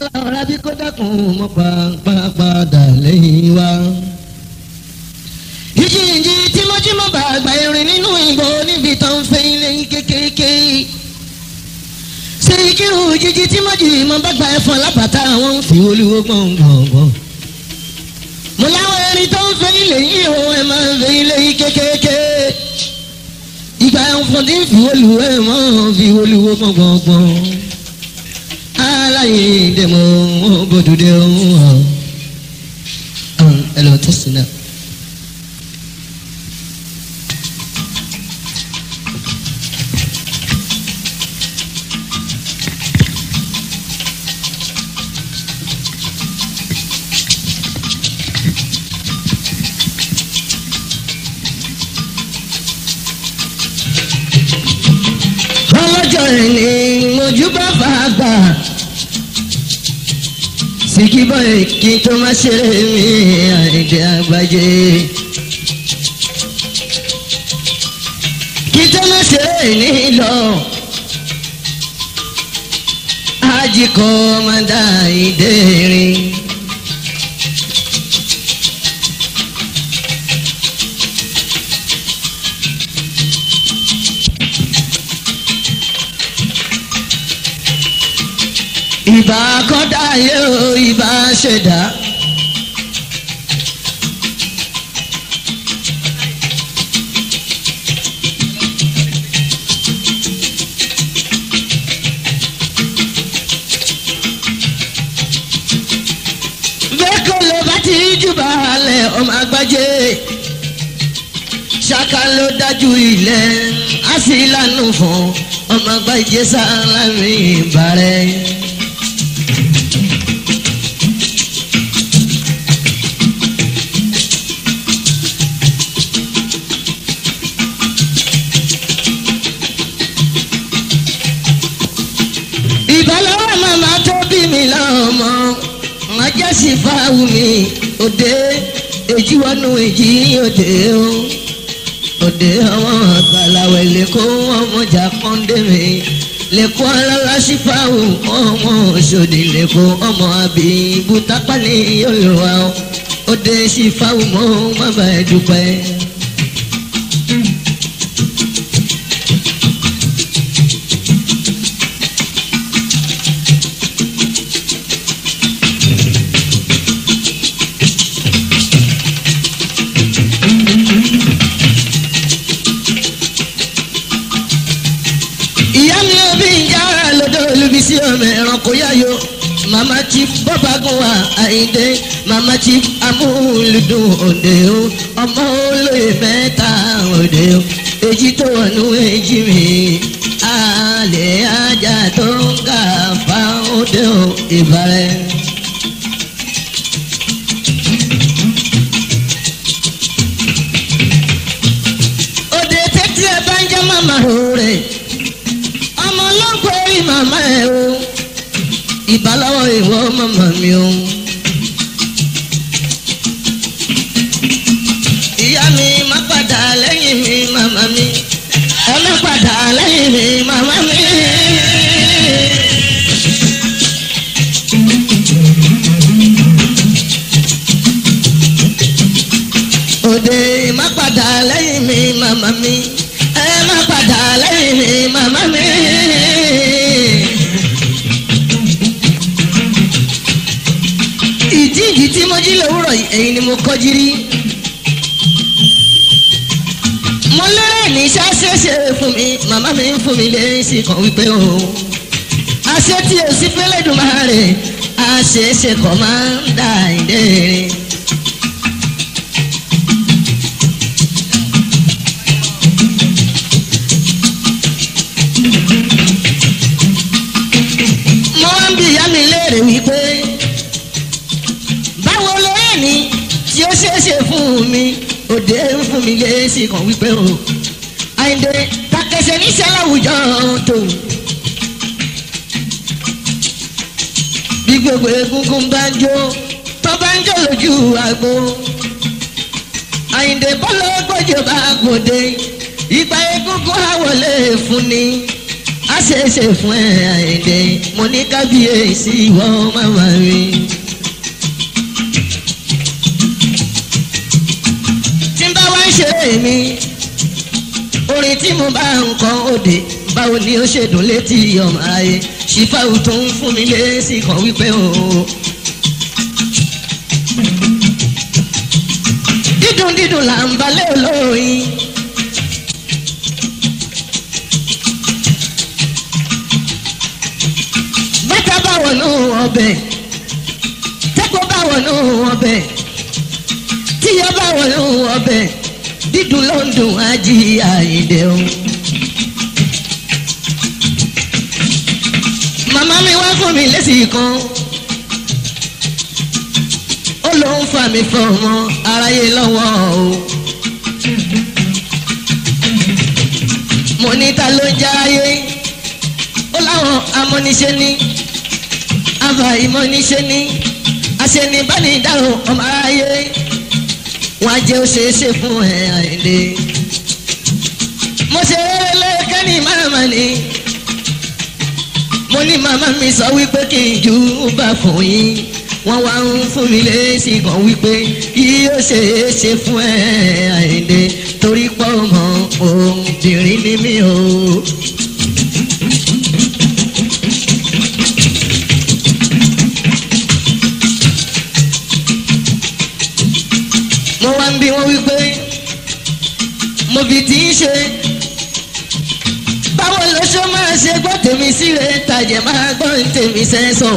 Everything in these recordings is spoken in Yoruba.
láwọn arábí kó dákun mọ́ pàápàá lẹ́yìn wa. ìjì ìjì tí bá àgbà erin nínú ìbò níbi tó ń fẹ́ ilé kékeré. ṣé ìkírù jíjí tí bá gba ẹ̀fọn lápàtà àwọn fi olúwo gbọ̀ngbọ̀ngbọ̀n. mo láwọn erin tó ń fẹ́ ilé yìí o ẹ̀ máa ń fẹ́ ilé kékeré. ìgbà ẹ̀fọn tí fi olúwo ẹ̀ máa ń fi olúwo gbọ̀ngbọ̀ngbọ̀n yi demo bodude o ẹlò tó sinna. ọlọ́jọ́ ni mojú bá fà á gbà àfi kí báyìí kí tó má ṣeré ki to àgbájé. kí tó má ṣeré nílọ àjìkọ́ máa dá ìdérin. ìbá kọ́dá yé o ìbá ṣẹ̀dá. balẹ̀ ọmọ agbájẹ́ ṣaka ló dájú ilẹ̀ á sì lánàá fún ọmọ agbájẹ́ sálámì ìbàrẹ́. sì fa wumi òde èjì wọnú èjì òde o òde ọmọ àgbàláwẹ̀ lẹ́kọ́ ọmọjà pọ́ńdé mi lẹ́kọ́ alára sí fa wumi ọmọ òṣòdì lẹ́kọ́ ọmọ àbí ibùtápá ni yóò lọ wa òde sì fa ọmọ bàbá ẹ̀ chief bọ́bágúnwà àyíndé mama chief amúlùdùn òde o ọmọ olóyè mẹ́ta òde o èjì tó wọnú èjì mi alẹ́ ajá tó ń kà fáwọn òde o ìbára ẹni. ṣeé ṣe kọ́mándà ìdérè. mo wá ń bi ìyá mi léèrè wípé báwo lóyè ni tí ó ṣeé ṣe fún mi òde ń fún mi lé kan wípé o àìndé kàkẹsẹ̀ níṣẹ́ láwùjọ tó. gbogbo egungun bá ń jó tó bá ń jó lójú àgbo. Àyìndé bọ́lá gbọ́jọ́ bá gbòde ìgbà egungun àwọlé fún ni a ṣèṣe fún ẹ Àyìndé mo ní kábíyèsí ìwọ màmá rí. tí n bá wá ń ṣe èmi orin tí mo bá ń kọ òde báwo ni ó ṣe dùn létí ọmọ ayé ṣìfáwù tó ń fún mi lésì kan wípé o. dídùn dídùn là ń balẹ̀ olóyin. bàtà bá wọnú ọbẹ̀ tẹ́kọ̀ọ́ bá wọnú ọbẹ̀ tíyọ́ bá wọnú ọbẹ̀ dídùn ló ń dùn ají àyìndẹ̀ o. fún mi lésì kan ó ló ń fà mí fọ ọmọ aráyé lọ́wọ́ o. mo ní ta ló ń járáyé ó láwọn amọ́niṣe ní abàìmọ́niṣe ní aṣenibánidáró ọmọ aráyé wọn á jẹ́ ó ṣeé ṣe fún ẹ̀ àìlè. mo ṣe eré lẹ́kẹ́ ní márùn-ún ní mo ní màmá mi sọ wípé kí n ju bá fún yín wọ́n wá ń fún mi lésì kan wípé kí ó ṣe é ṣe fún ẹ àìlè torí pọ́ mọ́ òǹdìrín ní mi o. mo wá ń bi wọ́n wípé mo fi tí ń ṣe. bàjẹ́ máa gbọ́ tèmi sẹ́sọ̀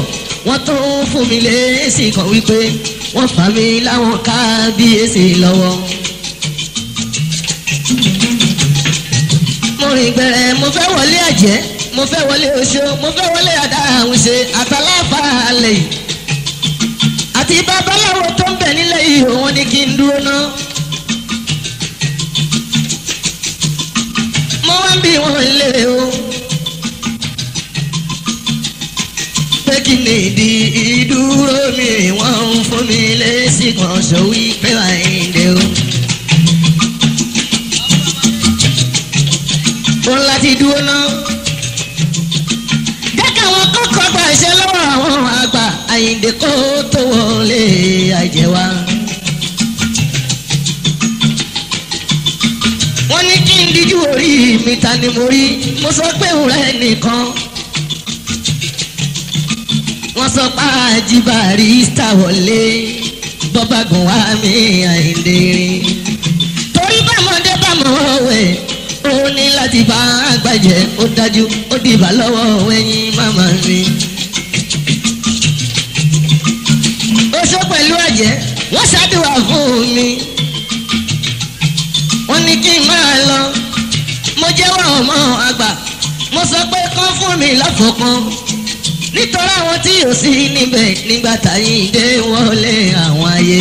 wọ́n tó fún mi lésì kan wípé wọ́n fà mí láwọn kábíyèsí lọ́wọ́. mo rìn gbẹ̀rẹ̀ mo fẹ́ wọlé àjẹ́ mo fẹ́ wọlé oṣó mo fẹ́ wọlé àdá àwọn ṣe àtàláfà àti babaláwo tó ń bẹ nílẹ̀ yìí òun ni kí n dúró ná. mo wá ń bí wọn lé o. kí ni ìdí ìdúró mi wọ́n ń fún mi lésì kan sọ wípé àìndé o. ó láti dúró náà. dẹ́ka wọn kọ́kọ́ gba ìṣe lọ́wọ́ àwọn àgbà àyìndé kó tó wọlé àjẹwà. wọ́n ní kí n díjú orí mi ta ni mo rí mo sọ pé òun rẹ̀ nìkan sọ pa jí Barrister wọlé bọ́bágun wá mi àìlè. torí bámọ́dé bámọ́ wẹ̀ ó ní láti bá àgbàjẹ́ ó dájú ó dìbà lọ́wọ́ ẹ̀yìn mama mi. ó sọ pẹ̀lú àjẹ́ wọ́n ṣàdúrà fún mi wọ́n ní kí n máa lọ mo jẹ́wọ́ ọmọ àgbà mo sọ pé kán fún mi láfọ̀kan nítorí àwọn tí ò sí níbẹ̀ nígbà táyìn dé wọlé àwọn ayé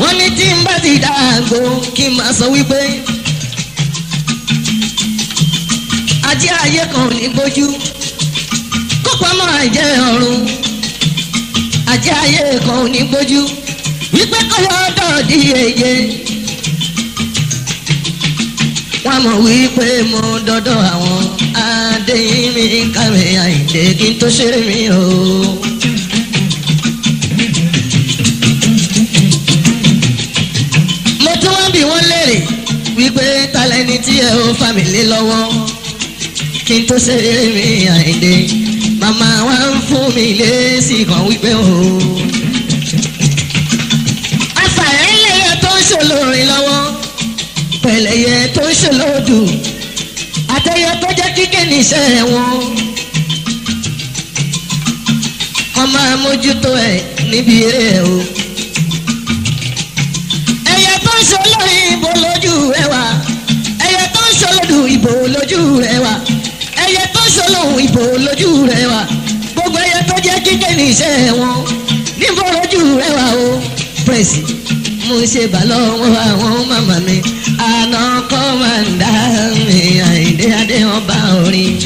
wọ́n ní tí n bá ti dàgbò kí n máa sọ wípé ajé ayé kan ò ní gbójú kó pamọ́ àìjẹ́ ọ̀run ajé ayé kan ò ní gbójú wípé kọ́yọ́ dọ̀ọ́dí yeye wọ́n mọ̀ wípé mo dọ́dọ̀ àwọn á adé mi kàwé àìdè kí n tó ṣeré mi o. mo tún wá bí wọ́n léèrè wípé talẹ́ni tí ẹ ó fàmílì lọ́wọ́ kí n tó ṣeré mi àìdè màmá wa ń fún mi lésì kan wípé kí ni iṣẹ́ wọn kọ́ máa mójútó ẹ̀ níbi eré ẹ̀ o. ẹyẹ tó ń ṣoló ìbò lójú ẹ wá ẹyẹ tó ń ṣolódù ìbò lójú rẹ wá ẹyẹ tó ń ṣoló ìbò lójú rẹ wá gbogbo ẹyẹ tó jẹ́ kíkẹ́ ní iṣẹ́ níbo lójú rẹ wá o pírẹsì mo ṣe bà lọ́wọ́ àwọn màmá mi àná kọ́ máa ń dá mi àìdé adé ọba orin.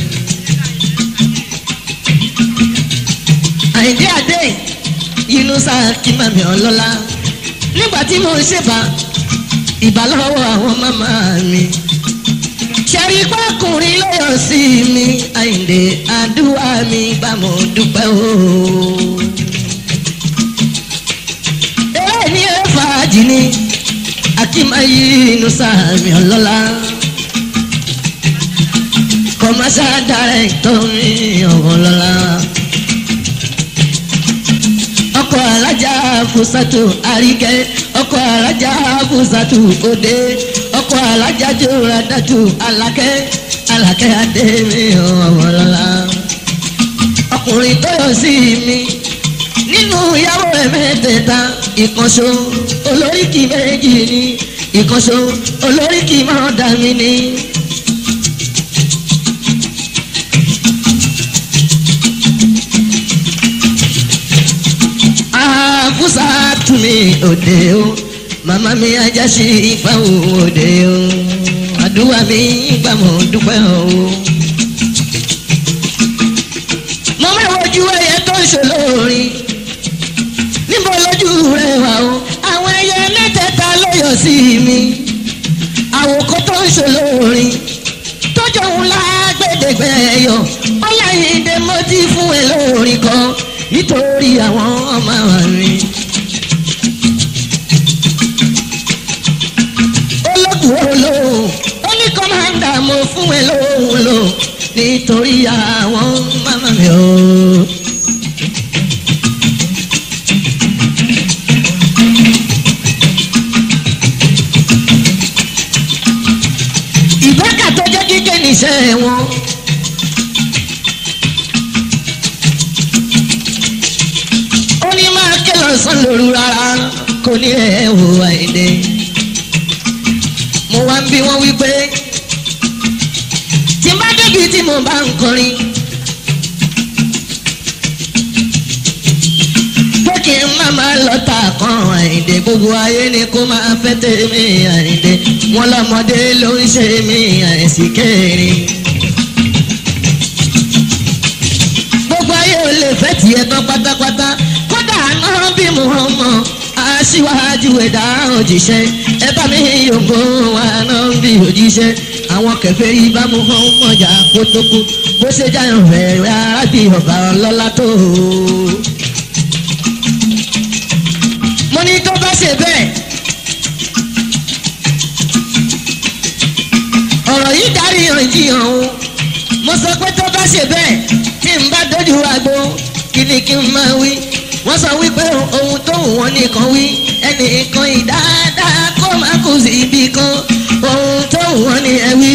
àìdé adé inú sáà kí màmí ọlọ́lá nígbà tí mo ṣe bà ìbà lọ́wọ́ àwọn màmá mi ṣẹ́rí pákùnrin lọ́yọ̀ sí mi àìdé àdúrà mi bá mo dúpẹ́ ooo. àdínní akímáyé inú sàmì ọlọ́lá kọmáṣá dàrẹ́tọ̀ mi ọ̀wọ́lọ́lá ọkọ̀ alájà fúsàtò àríkẹ́ ọkọ̀ alájà fúsàtò òde ọkọ̀ alájà jòrò àdàtò alákẹ́ alákẹ́ adé mi ọ̀wọ́lọ́lá ọkùnrin tó yọ sí mi mẹ́tẹ̀ẹ̀ta ìkànṣó olóríkì méjì ni ìkànṣó olóríkì máa dà mí ni. àbúsà tún mi òde o màmá mi ajá sí ìfẹ́ òde o àdúrà mi gbàmọ̀ dúpẹ́ o. sí mi àwòkọ́ tó ń ṣe lórin tọ́jọ́ ń lágbèdègbè yọ ọláyédè mo ti fún ẹ lórin kan nítorí àwọn ọmọ rìn. ológun olóhùn ó ní kọ́mándà mo fún ẹ lóhùn lò nítorí àwọn màmá mi iṣẹ́ wọn. ó ní máa ké lọ́sàn lóru rárá kò ní ẹ̀ wò àìdè. mo wá ń bi wọ́n wípé tí n bá débi tí mo bá ń kọrin. má máa lọ tà kan àyìndé gbogbo ayé ni kó máa fẹ́ tèmi àyìndé wọn lọ́mọdé ló ń ṣe mí àìsí kẹrin. gbogbo ayé ò lè fẹ́ tiẹ̀ tán pátápátá kódà náà bí mo mọ aṣíwájú ẹ̀dá òjíṣẹ́ ẹ mi yòǹgó wa bí òjíṣẹ́ àwọn kẹfẹ́ yìí bá mo hàn mọ̀jà kótókó bó ṣe jáyàn fẹ́ rárá bí ọ̀gá ọlọ́lá tó o. àforíjì hàn o mo sọ pé tó bá ṣe bẹ́ẹ̀ tí n bá dojú àgbo kí ni kí n máa wí wọ́n sọ wípé ohun tó wù wọ́n nìkan wí ẹnìkan ìdáadáa kó má kù sí ibì kan ohun tó wù wọ́n ni ẹ wí.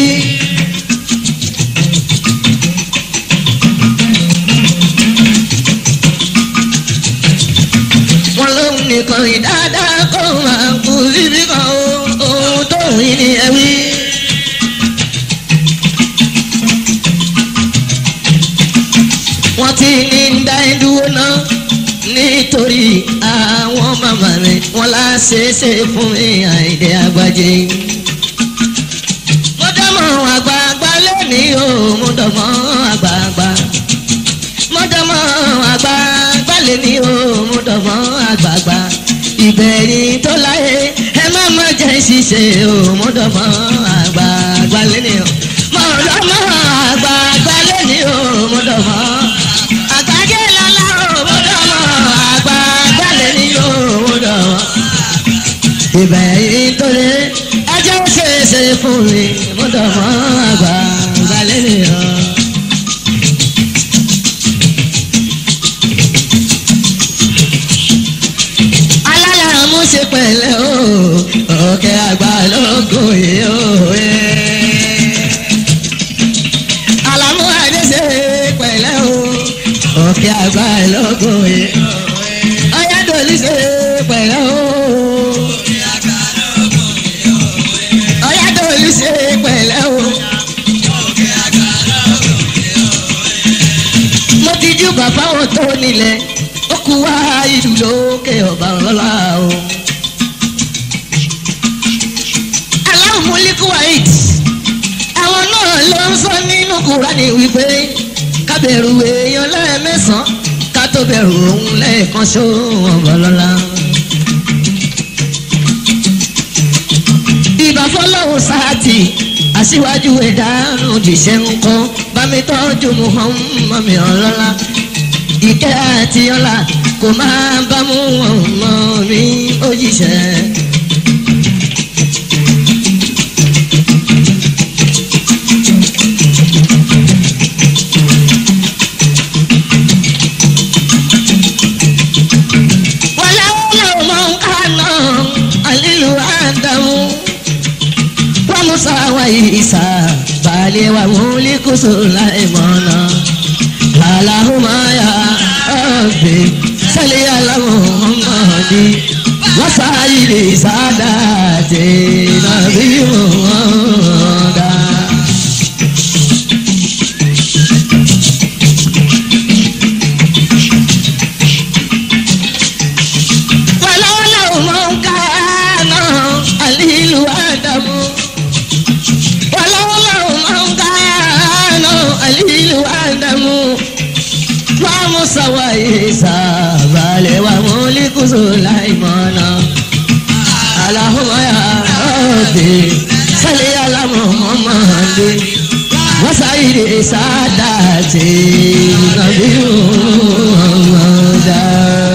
wọ́n lóhun nìkan ìdáadáa kó má kù sí ibì kan ohun tó wù wọ́n ni ẹ wí. dúró náà nítorí àwọn màmá mi wọn láṣẹṣe fún mi àìdẹ àgbàjẹ. mo dánmọ̀ àgbààgbà lónìí o mo dánmọ̀ àgbààgbà mo dánmọ̀ àgbààgbà lónìí o mo dánmọ̀ àgbààgbà ìbẹ̀yìn tó láyé ẹ má má jẹ́ ṣiṣẹ́ o mo dánmọ̀ àgbààgbà lónìí o mo dánmọ̀ àgbààgbà. ìbẹ̀yìn tó lé ẹjọ́ ṣèṣe fún mi mo dọ̀ mọ́ àgbà. jíṣẹ́ ń kún bámi tọ́jú Muhammad mi ọlọ́lá ìkẹ́ àti ọlá kò máa bá Muhammad mi ó jíṣẹ́. wa isa balẹ̀ wa mọ́lẹ́kù sulaimana Ya rabbi sali ala muhammadi wasayidi sadati nabi muhammadu.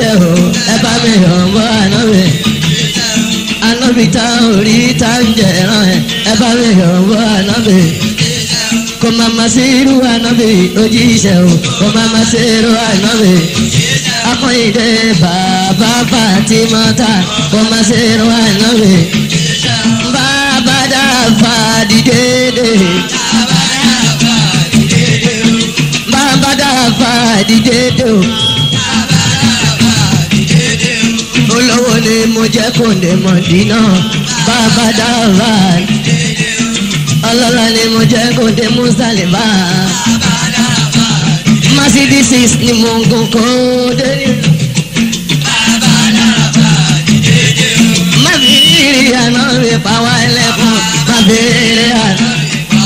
ṣe o ẹ bá mi hàn mọ́ àná mi àná mi tá orí tá ń jẹ ẹran ẹ ẹ bá mi hàn mọ́ kò má má sí irú àná mi ìṣe o kò má má sí irú àná mi akọ́yìndé bàbá fatimata kò má sí irú àná mi bàbá dàfà dìdédé. Bàbá dàfà dìdédé o. olówó ni mo jẹ́ kòndé mọ̀dínà bàbá dáwà ọlọ́lá ni mo jẹ́ kòndé mùsàlìbà Mercedes ni mo ń gun kòndé. Mabiri àná rè pàwọ́ ẹlẹ́kùn mabiri àná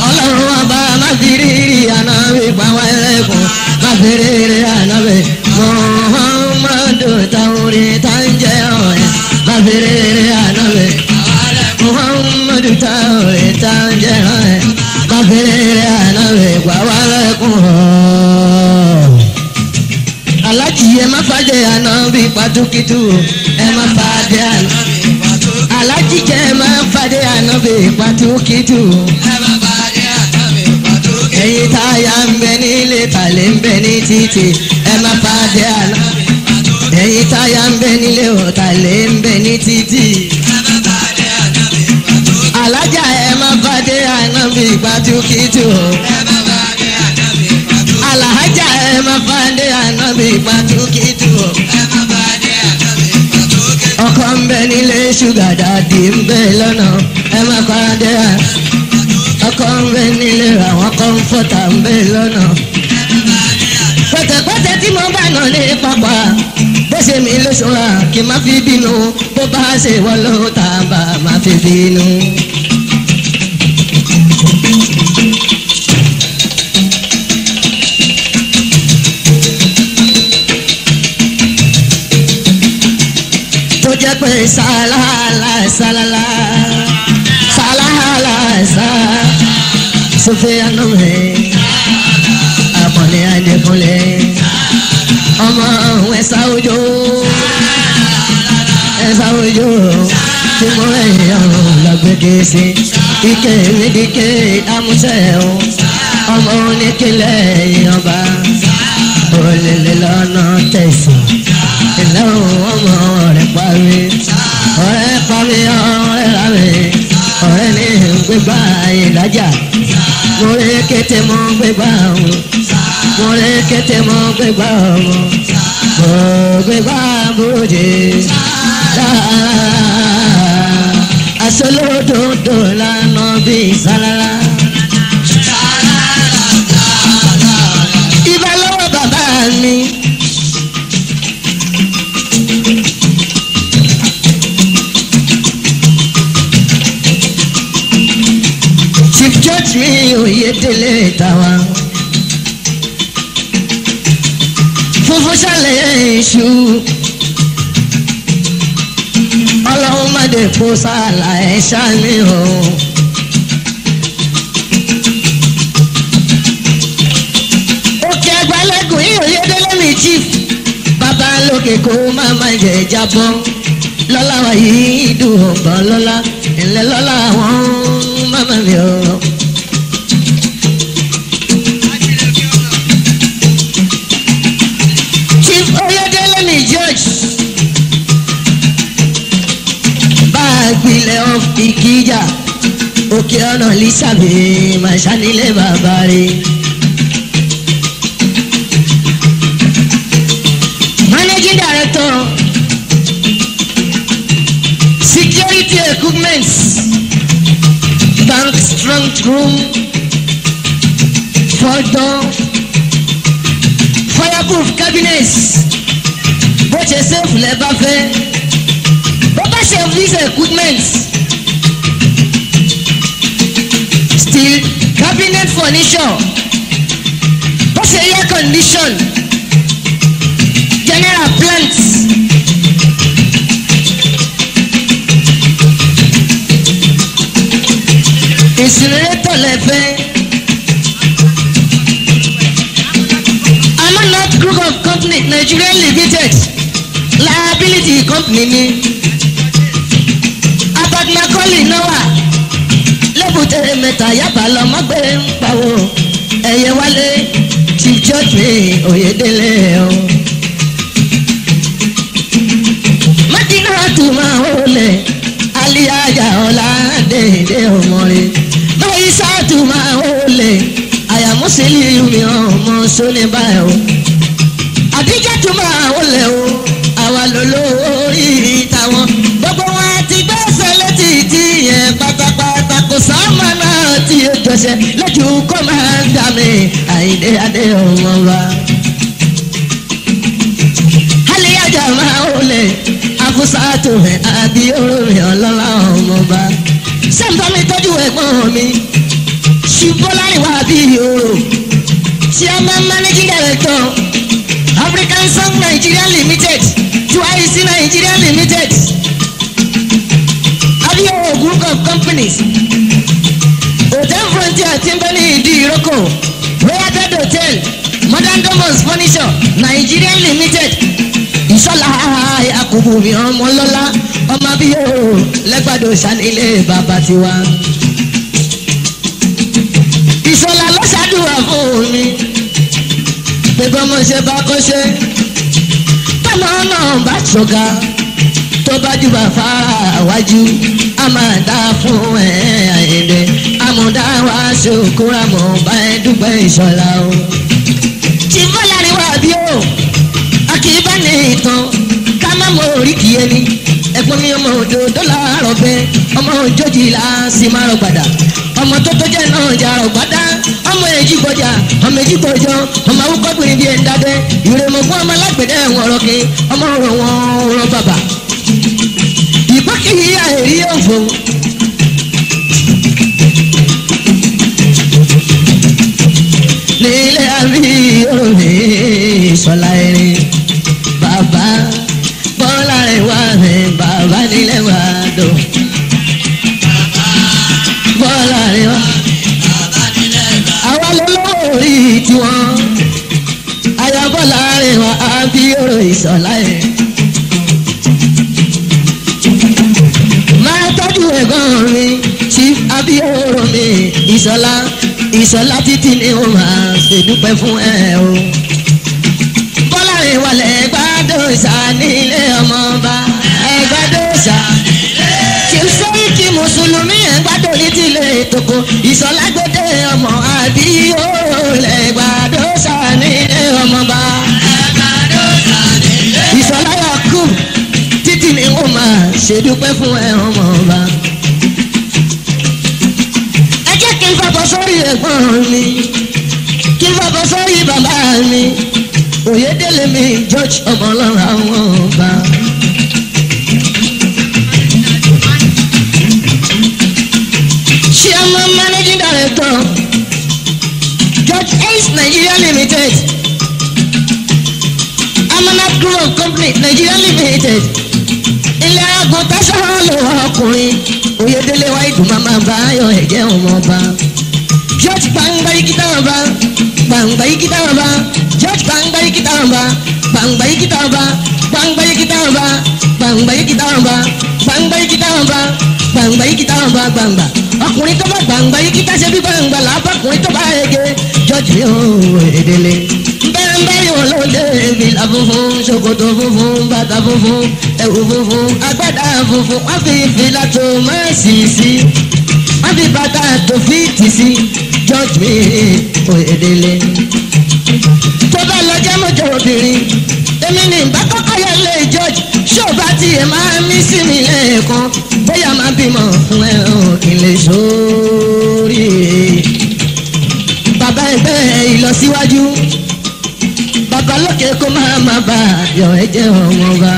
ọlọ́run wa bá mabiri àná rè pàwọ́ ẹlẹ́kùn mabiri àná rè mọ́. tá ń jẹran ẹ̀ kọ́bìnrin rẹ̀ ànáwó ìgbà wà lẹ́kùn ọ̀. aláàjì ẹ má fàjẹ́ àná bí pàtókìtù ẹ má fàjẹ́ àná. aláàjì jẹ́ ẹ má fàjẹ́ àná bí pàtókìtù. ẹ̀yin táyà ń bẹ nílé tàlẹ́ ń bẹ ní títì ẹ má fàjẹ́ àná. ẹ̀yin táyà ń bẹ nílé ọ̀tàlẹ́ ń bẹ ní títì àjàmbí ìpàtúkìtù. Àlàájà ẹ máa bá dé ànábì ìpàtúkìtù. Ọkọ ń bẹ nílé ṣúgà dàdí ń bẹ lọ́nà ẹ máa kọ́ra dé à. Ọkọ ń bẹ nílé àwọn kan fọ́tà ń bẹ lọ́nà. Pẹ̀tẹ̀pẹ̀tẹ̀ tí mo bá nà ní pápá bó ṣe mi lóṣù hàn kí n má fi bínú bó bá ṣe wọ́n ló tà bá má fi bínú. gèsè ike ìdíkè amúṣẹ o ọmọ oníkìlẹ ìyọba olèlè lọ́nà tẹ̀sán ìlẹ òun ọmọ rẹ parí ọ̀rẹ́ parí ọ̀rẹ́ rárẹ ọ̀rẹ́ ní gbégbá ìdájà mo rí kété mo gbégbá òun mo rí kété mo gbégbá òun mo gbégbá bòde dáadáa aṣọ lówó dòdò lánà bí sálálá. ibà lọ́wọ́ bàbá mi. chief judge mi òye délé tàwa. funfun ṣàlẹ̀ èṣù. kó sàlà ẹ̀ ṣáàlì o. òkè àgbálẹ́gùn yìí ò mi chief, baba loke kó má má jẹ jábọ́ lọ́lá wa yìí dùn ọ̀gbọ́n lọ́lá ẹ̀lẹ́ lọ́lá wọn má mi o. kìjà òkè ọ̀nà lísàbí màṣánilé bàbá rẹ̀. managing director security equipment bank strong room fọdọ fireproof cabinets, bó ṣe ṣéèfù lẹ bá fẹ́ bó bá ṣe fíṣe equipment. condition What's fi air condition general plant. incinerator lẹ́fẹ̀ẹ́. North Group of Company Nigeria Limited liability company ni. Abagmakoli náà wà èbúté mẹ́ta yaba lọ́mọ gbé ń pawó ẹ̀yẹ wálé chief judge mi o. mádínà tún máa ń wọlé aliyaja ọ̀la déédé ọmọre báyìí sáàtù máa ń wọlé àyàmúsílì mi ọmọ sólè báyìí o. àdíjà tún máa o. ẹsẹ̀ lẹ́jù kó máa dà mí àyìnlé adé ọmọ wa. aliyaja máa ń lè afúsàtò rẹ̀ àbí olórí ọlọ́lá ọmọ ba. sẹ́ńtọ́ mi tọ́jú ẹ̀gbọ́n mi ṣùgbọ́n láríwá bí yòrò tí a máa ń managing director African Song Nigeria Limited TYC Nigeria Limited abiyo ogun companies. Hotel Frontier ti ń bẹ ní ìdí ìrókò Royal Hotel Modern Domus Furniture Nigerian Limited ìṣọ́lá àkùbùmí ọmọ lọ́lá ọmọ bíyó lẹ́gbàdo ṣànílé bàbá tiwa. ìṣọ́lá ló ṣàdúrà fún mi pé bọ́mọ ṣe bá kọ́ ṣe tọ́mọ náà bá ṣọ̀gá tó bá jù bá fara wájú a máa dá fún ẹ̀ Àyìndé amọ̀dá wa ṣòkó amọ̀ bá ẹ dúpẹ́ ìṣọ̀lá o. tí bọ́lárí wà bí o a kì í bá ní ìtàn ká má mọ oríkì ẹni ẹ̀gbọ́n mi ọmọ òjò dọ́là àrọ̀bẹ ọmọ òjòjì là á sì máa rọ̀ padà ọmọ tó tó jẹ́ náà jà rọ̀ padà ọmọ èjì gbọjà ọmọ èjì gbọjọ ọmọ awúkọ́gbìnrin bíi ẹ̀ńdádẹ́ ìrèmọ̀gbọ́n ọmọ alágbèdẹ ẹ̀wọ̀n ọ̀rọ̀ kí ọmọ ọ̀rọ̀ wọn ọ̀rọ̀ bàbá ìbákẹ́yìí àìrí òfò nílé àbí omi sọlá erin bàbá bọ́lá rẹ̀ wá mi bàbá nílé wá dùn. bọ́lá rẹ̀ wá àwa lọ́wọ́ orí tiwọn ayabọ́lá rẹ̀ wá àbí omi sọlá erin. máa tọ́jú ẹ̀gbọ́n mi tí àbí orò mi ìsọlá ìsọlá títí ni ó máa ṣèdúpẹ́ fún ẹ o. bọ́lá ìwàlẹ̀ ẹgbàdọ́sà nílé ọmọọba ẹgbàdọ́sà kì í sọ kí mùsùlùmí ẹgbàdọ́ ní tilẹ̀ ètòkò ìsọlágbẹ́dẹ ọmọ àbí òòlẹ̀ ẹgbàdọ́sà nílé ọmọọba ìsọláyà kù títí ni wọ́n máa ṣèdúpẹ́ fún ẹ ọmọọba. ẹ jẹ́ kí n fọwọ́ sórí ẹ̀gbọ́n mi sórí bàbá mi Oyèdélé mi George ọmọ ọlọ́run àwọn ọba. Managing Director George Ace Nigeria Limited Amana Group Company Nigeria Limited ilé aago tẹsán ló wọ ọkùnrin Oyèdélé wa ìdùnnú máa bá ayọ̀ ẹ̀jẹ̀ ọmọ ọba. George Bangbari Kitamba, Bangbari Kitamba, George Bangbari Kitamba, Bangbari Kitamba, Bangbari Kitamba, Bangbari Kitamba, Bangbari Kitamba, Bangbari Kitamba, Bangba. Ọkùnrin tó bá Bangbari Kita ṣe bí Bangba làbọ̀kùnrin tó bá yege. George mi ò èdèlè. Bẹ́ẹ̀nbẹ́rì wọn ló lé fìlà funfun, ṣòkòtò funfun, bàtà funfun, ẹ̀wù funfun, agbádá funfun, wọ́n fi fìlà tó máa sì sí, wọ́n fi bàtà tó fi tì sí judge me Oyèdélé. Oh, tó bá lọ jẹ́ mọ̀jọ̀ obìnrin èmi ní ìbá kọ́kọ́ yẹ lé judge ṣé o bá tiẹ̀ máa mí sí mi lẹ́ẹ̀kan bóyá máa bímọ fún ẹ kí n lè sórí. bàbá ẹgbẹ́ ìlọsíwájú bàbá lókè kó máa má bàa yọ ẹ̀jẹ̀ ọmọ ọba.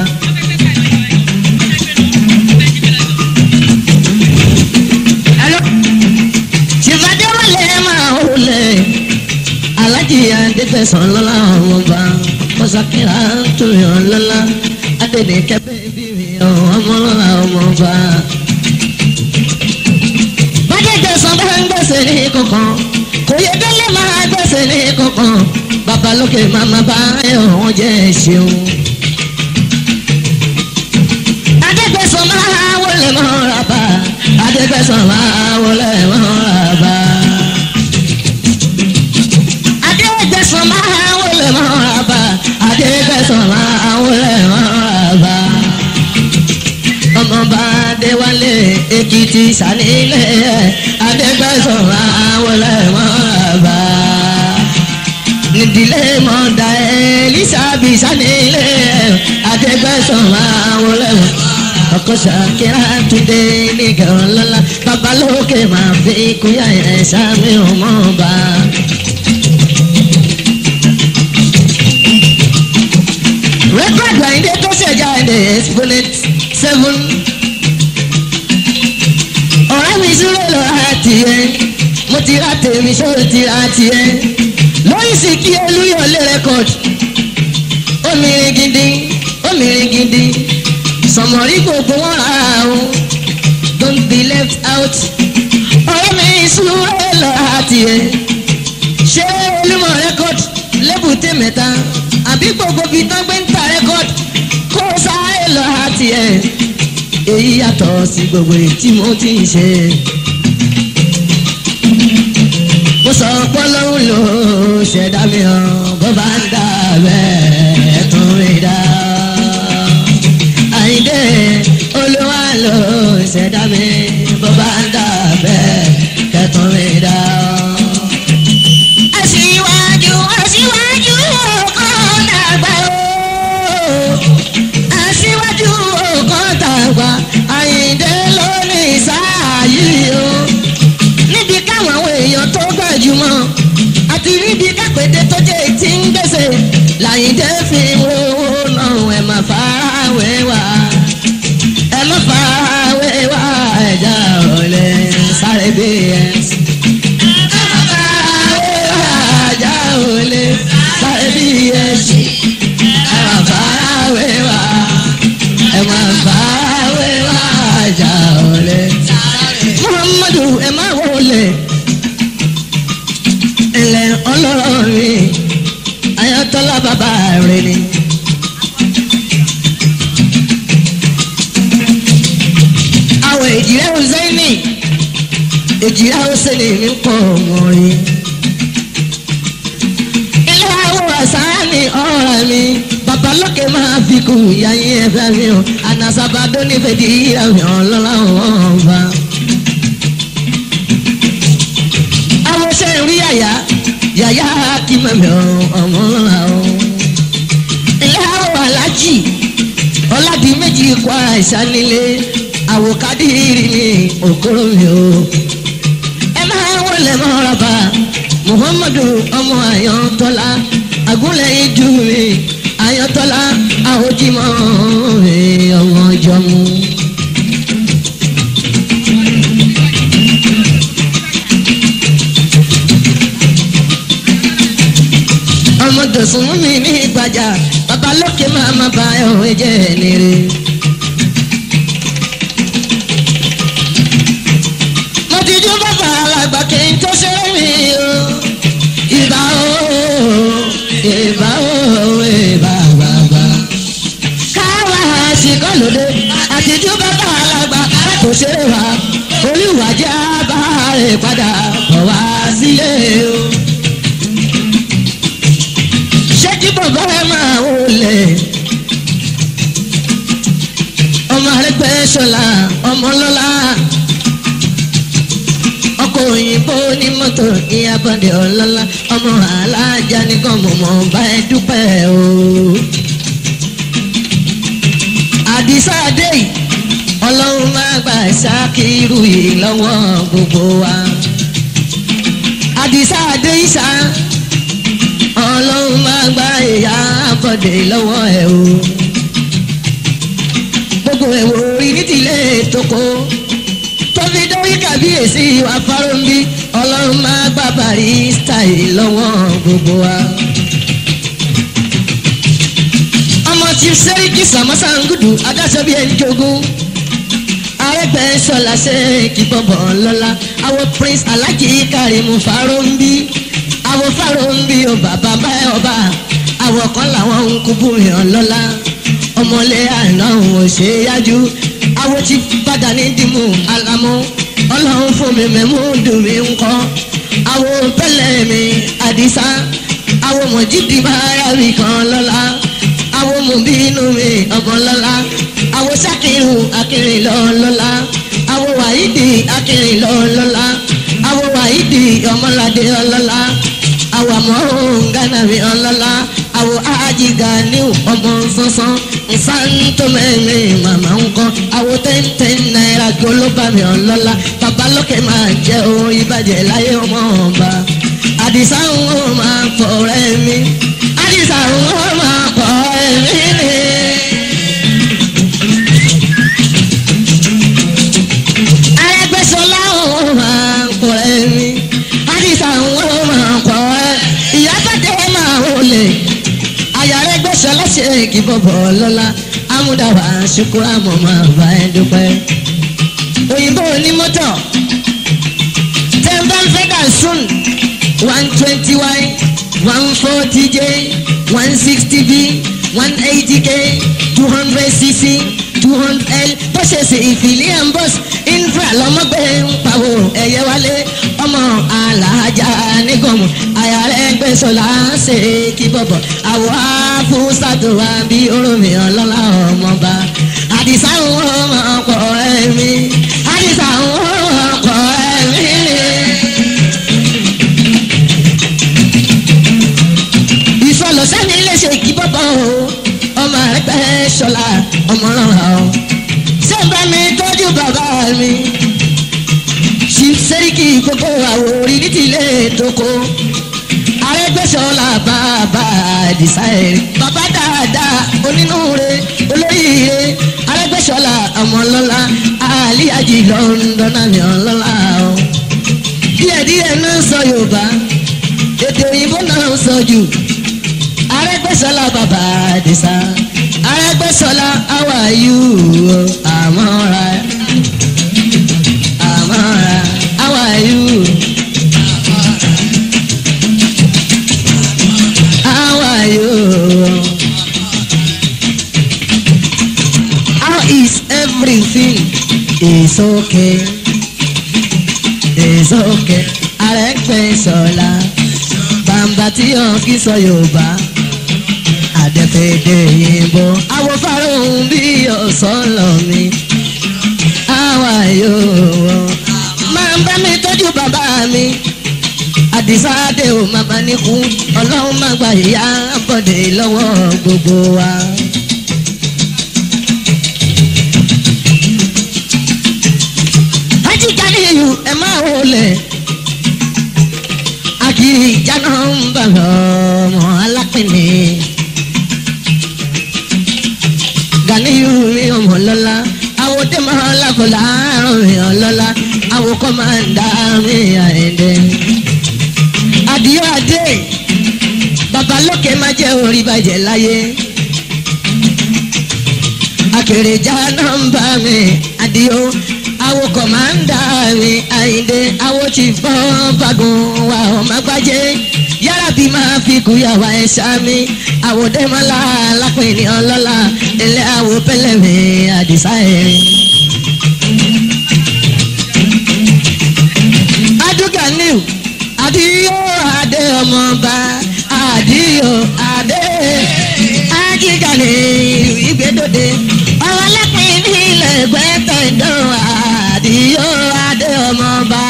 fẹsàn lọ́la ọ̀run bá mọ́sákìlá tó yàn lọ́la adẹ̀dẹ̀kẹ́ bẹ́ẹ̀ bí mi ọ̀hún ọmọ lọ́la ọmọ bá. májèjì sọ bá ń gbèsè ní kankan kò yẹ délé máa gbèsè ní kankan babalókè màmá bá ẹ̀hún jẹ́ ṣeun. adẹ́gbẹ̀sán máa wọlé mọ́ bá adẹ́gbẹ̀sán máa wọlé mọ́ bá. kékeré tẹ̀sán máa àwòrán máa bá. ọmọọba adéwálé èkìtì sànílẹ̀ adégbèsàn máa àwòrán máa bá. nídìílé mọ̀dà elisabi sànílẹ̀ adégbèsàn máa àwòrán máa bá ọkọ sàkírà túndé nígbà ọlọ́lá babalókè máa fi kúyà ẹ̀ sámi ọmọ ọba. eight bullet seven. ọ̀rẹ́ mi súré lọ ra tiẹ̀ mo ti ra tèmi ṣó ti ra tiẹ̀ lóyún sì kí Olúyọ̀lé record omi gidi omi gidi sọmọrí gbogbo wọn rà o don't be left out ọ̀rẹ́ mi súré lọ ra tiẹ̀ ṣé Olúmọ record lébùté mẹ́ta àbí gbogbo fi tán gbẹ́ntàn lọ́ha tiẹ̀ èyí yàtọ̀ sí gbogbo tí mo ti ń ṣe. mo sọ pọ́lọ́hún ló ṣẹ̀dá mi hàn bó bá ń dà bẹ́ẹ̀ tún rí dá. Àyìndé olúwa ló ṣẹ̀dá mi bó bá ń. àgbà àyíndé lónìí sáà yìí o níbi káwọn àwọn èèyàn tó gbajúmọ̀ àti níbi kápẹ́tẹ́ tó jẹ́ ti ń gbèsè làyíndé fi wo lọ́rùn ẹ̀ máa fara wẹ́wà ẹ̀ máa fara wẹ́wà ẹ̀dá ọ̀lẹ́ sáré bí ẹ̀. ẹ̀ máa fara wẹ́wà ẹ̀dá ọ̀lẹ́ sáré bí ẹ̀ sí. lẹ̀ ẹ̀lẹ̀ ọlọ́rọ̀ rẹ̀ ayọ́tọ́lá bàbá rẹ̀ ni. àwọn èjìlá hùsẹ́ni èjìlá hùsẹ́ni ní kọ́ ọ̀wọ́n rí. ilé àwọn àṣà ni ọ̀rọ̀ mi babalókè máa fi kú ìyá yín ẹ̀fẹ́ mi ò ànàṣàbàdó nífẹ̀ẹ́ di ìyá mi ọ̀lọ́lá ọ̀hún ọ̀hún ọ̀hún. yàyà kí mẹ̀mẹ̀ ọmọ ńlá o. ilé àwọn alájì ọ̀làdì méjì kọ́ àìsàn nílé àwòkádìrì ní òkúrò mi o. ẹ máa ń wọlé mọ́ muhammadu ọmọ àyàntọ́lá agúnlẹ̀yìn jù mí àyàntọ́lá àwòjìmọ̀ ọmọ ìjọ mu. odò fún mi ní ìgbàjà babalókè máa ma ba ẹ̀hún jẹ́ nire. mo ti dún bàbá alàgbà kí n tó ṣe mí o ìbà o ìbà o ìbà bàbà. káwa àsìkò lòdè àti dún bàbá alàgbà kò ṣe wá olúwa jẹ́ bá rè bọ̀ wá sílé o. ọmọ Arẹ́gbẹ́ṣọlá ọmọ lọ́lá ọkọ̀ òyìnbó ní mọ́tò ní abọ́dé ọlọ́lá ọmọ alájà nìkan mọ̀mọ́ bá ẹ dúpẹ́ o. àdìsá adé ọlọ́run máa gbà ṣáàkiri yìí lọ́wọ́ gbogbo wa àdìsá adé ìṣá ọlọ́run máa gba ìyá àbọ̀dé lọ́wọ́ ẹ̀ o. gbogbo ẹ̀wò orí ní tìlẹ̀ ètòkó tó fi dórí kàbíyèsí ìwà fárọ́ńbí ọlọ́run máa gba barista yìí lọ́wọ́ gbogbo wa. ọmọ tí sẹ́ríkì sàmọ́sà ń gùdù adájọ́ bíi ẹni jogún arẹ́gbẹ́sọ̀lá ṣe kí bọ̀bọ̀ lọ́la àwọn prince alájí karimu fárọ́ńbí àwọn fáàrọ̀ ń bí o bàbá bá ẹ ọba àwọn kan làwọn ń kú bùnmi ọlọ́lá ọmọlé àná ò ṣe é yájú àwọn ti padà ní dìmú alamú ọlọ́run fún mi mẹ́mú dùn mí ń kọ́ àwọn pẹ́lẹ́ mi àdìsá àwọn mọ̀jídìí bá yàrá kan lọ́la àwọn mọ̀bínú mi ọ̀gbọ́n lọ́la àwọn sákìrù akìrìn lọ́ lọ́la àwọn wàhídì akìrìn lọ́ lọ́la àwọn wàhídì ọmọládé ọlọ́la awamorungana biolala awo ajiga ni ọmọ sọsán nsantomẹmẹ màmá ńkọ awo tẹntẹn náírà gbólóbà biolala babalókè máa jẹ o ìbàjẹ́ láyé ọmọ ọba àdìsá ń wò mi àdìsá ń wò mi rè. kí bọ̀bọ̀ lọ́la amúdáwà ṣukú àmọ̀mọ́ àbá ẹ̀ dúpẹ́. Ten, onímọ́tò tẹ́ńbà soon. one twenty y one forty j one sixty b one eighty k two hundred cc two hundred l purchase ìfìlẹ̀ and bus in kódà lọ́mọ́gbé ń pawó ẹ̀yẹ wálé ọmọ alájà nígọ̀mù àyà rẹ̀ gbé sọ̀lá ṣe kí bọ̀bọ̀ àwọ̀ àfúsàtò wa bí olómi ọlọ́lá ọmọba àdìsá ń wọ́n ọkọ ẹ̀mí àdìsá ń wọ́n ọkọ ẹ̀mí. ìfọlọ́sẹ́ni lè ṣe kí bọ̀bọ̀ o ọmọ rẹ̀ gbé ọmọ náà o sẹ́ńbà mi tọ́jú bàbá mi sẹ́ríkì kókó àwọn orí ní tilẹ̀ tókó arẹ́gbẹ́sọ̀la bàbá àdìsá bàbá dáadáa onínúure olóríire arẹ́gbẹ́sọ̀la ọmọlọ́lá àlíyájì lọ́ńdọ́nà ní ọlọ́lá o. díẹ̀díẹ̀ náà sọ yorùbá èdè òyìnbó náà sọ jù arẹ́gbẹ́sọ̀la bàbá àdìsá arẹ́gbẹ́sọ̀la how are you àmọ́ra àmọ́ra are you? How are you? How is everything? It's okay. It's okay. Arẹ́pẹ́ sọ̀la. Bàbá tí yàn kí sọ Yorùbá. Àdẹ́fẹ́dẹ́ yìnbó. Àwọn fáróhùn bí ọ̀sán lọ mi. How are you? ń bá mi tọ́jú bàbá mi àdìsá dé o màmá níkú ọlọ́run má gba ìyá bọ̀dé lọ́wọ́ gbogbo wa. ṣámi àwòdẹ́mọ́lá lápẹ́ ní ọlọ́lá ilé àwò pẹlẹmẹ àdìsá ẹ̀rín. adúganiu àdìyó adé ọmọọba àdìyó adé ajígàlè ìgbédòde ọ̀rọ̀ lápẹ́ ní ilẹ̀ ẹ̀gbẹ́ tẹ̀dọ̀ Ade adé ọmọọba.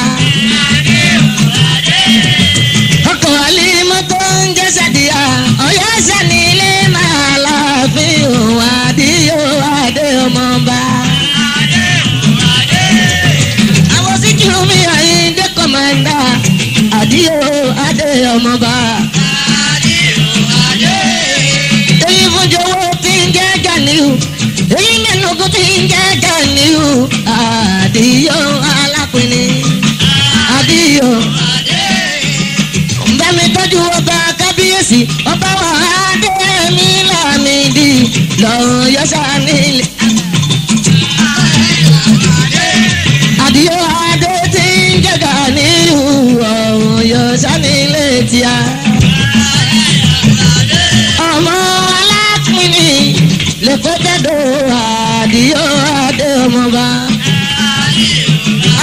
ṣàfihàn àdíyó àdéhùnmọ́ba. àwọn síkìrù mi àyíndé kọ̀mọ̀ndà àdíyó àdéhùnmọ́ba. èyí fúnjọwọ́ tí ń jẹ́ Ganiu èyí mẹ́nugun tí ń jẹ́ Ganiu àdíyó alápinni àdíyó. bẹ́ẹ̀ mi tọ́jú ọba kábíyèsí ọba lọ́ọ́ yọ́sà nílẹ̀. àdìyẹ adé tí ń jẹ́gà ní ọ̀hún yọ́sà nílẹ̀ tíá. ọmọ alápínì lè kó tẹ́dọ̀ àdìyẹ adé ọmọba.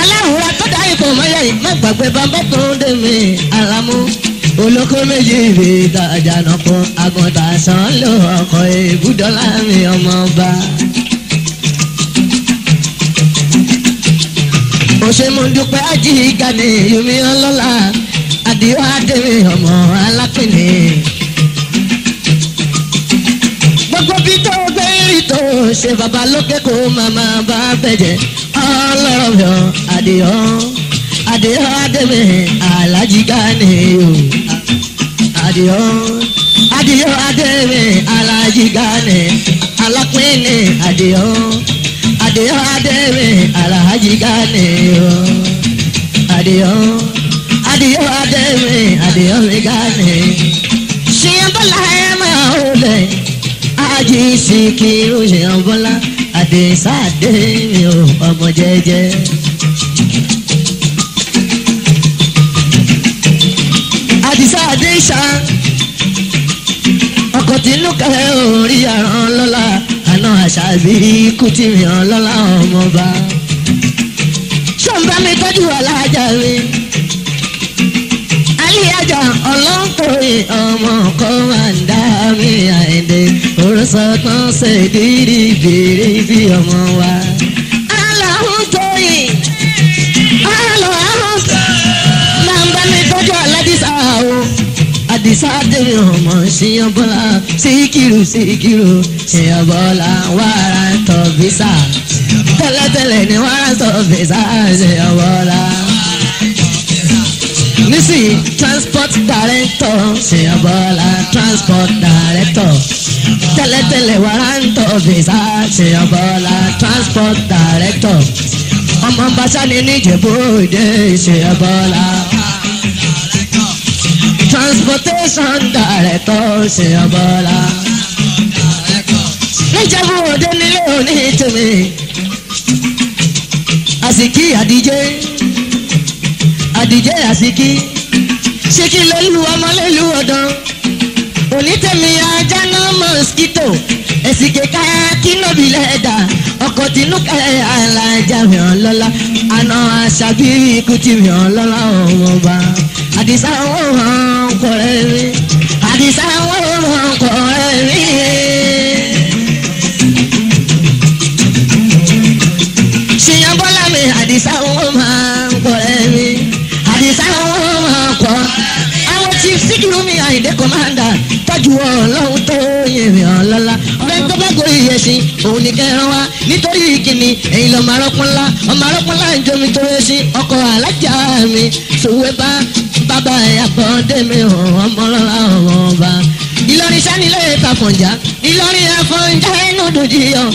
aláwọ̀ akọ́dà ìfọ̀mọ́yà ìmọ̀ ìgbàgbé bàbá tó ń dè mí àlámú olóko méjì ìbí tọ́jà náà kó àgùntàn sàn ló ọkọ̀ ìbúdọ́lá mi ọmọ ọba. ṣe mo dúpẹ́ ajíga ní yomi ọlọ́lá àdìwá dèrè ọmọ alápẹ̀lẹ̀. gbogbo bí tó gbé rí tó ṣe bàbá lókè kó màmá bá bẹ̀jẹ̀ ọlọ́rọ̀ yọ àdìọ́ àdìọ́ dèrè alájíga ní yomi. Àdìó Àdìó adéwé alájí Gani alápínlẹ̀ Àdìó Àdìó adéwé alájí Gani o Àdìó Àdìó adéwé Àdìó Gani ṣìyànbọ́lá ẹ̀ máa ń lẹ̀ ají sí kí ó ṣìyànbọ́lá àdìsá àdéhìn o ọmọ jẹ́jẹ́. àdìsá àdéṣà ọkọ̀ tí ń lùkàlẹ̀ orí àrán lọ́la àná àṣàbí kú ti rìn lọ́la ọmọọba. sọ́ńbà mi tọ́jú alájà mi alíyájà ọlọ́kùnrin ọmọ kọ́mándà mi àìndé orúsọ tán ṣèdírí bèrè bí ọmọ wa. ọmọ sí ọbọlá síkìrù síkìrù sí ọbọlá wàrà tọ bísà tẹ́lẹ̀tẹ́lẹ̀ ni wàrà tọ bísà sí ọbọlá. nísìnyí transport director sí ọbọlá transport director tẹ́lẹ̀tẹ́lẹ̀ wàrà tọ bísà sí ọbọlá transport director ọmọ bàṣá ni níjẹ̀bú òde sí ọbọlá transportation director ṣèyànbọ́lá. níjẹ̀bú òde nílé òní tèmi àsìkí àdíjé àdíjé àsìkí ṣìkì lólu ọmọ lólu ọ̀dàn onítẹ̀mí ajá náà mọ̀síkítò èsìkè ká kínàbí lẹ́ẹ̀dá ọkọ̀ tìǹú kẹrẹ́ àlàjà mi ọ̀lọ́lá àná àṣàbí ikú ti mi ọ̀lọ́lá ọ̀wọ́n bá àdìsá wọn hàn kọ̀rẹ́ mi àdìsá wọn hàn kọ̀rẹ́ mi. ṣìyàn bọ́lá mi àdìsá wọn hàn kọ̀rẹ́ mi àdìsá wọn hàn kọ́ àwọn tí síkìlú mi àyìndé kọ́mándà tọ́jú ọlọ́run tó yẹ mi ọ̀lọ́lá ọlọ́gbọ́gbọ́ ìyẹ̀sìn òun ni kẹrin wa nítorí ìkíni èyí lọ́mọ arọ́pọ́nlá ọmọ arọ́pọ́nlá ń jomi tó yẹ sí ọkọ̀ alájà mi sòwé bá bàbá ẹ̀yà kan dé mi ò ọmọ lọ́la ọ̀wọ́n ọba. Ìlọrin sanilé ìtàkùnjà Ìlọrin ẹ̀fọ́njà inú dùjì yọ.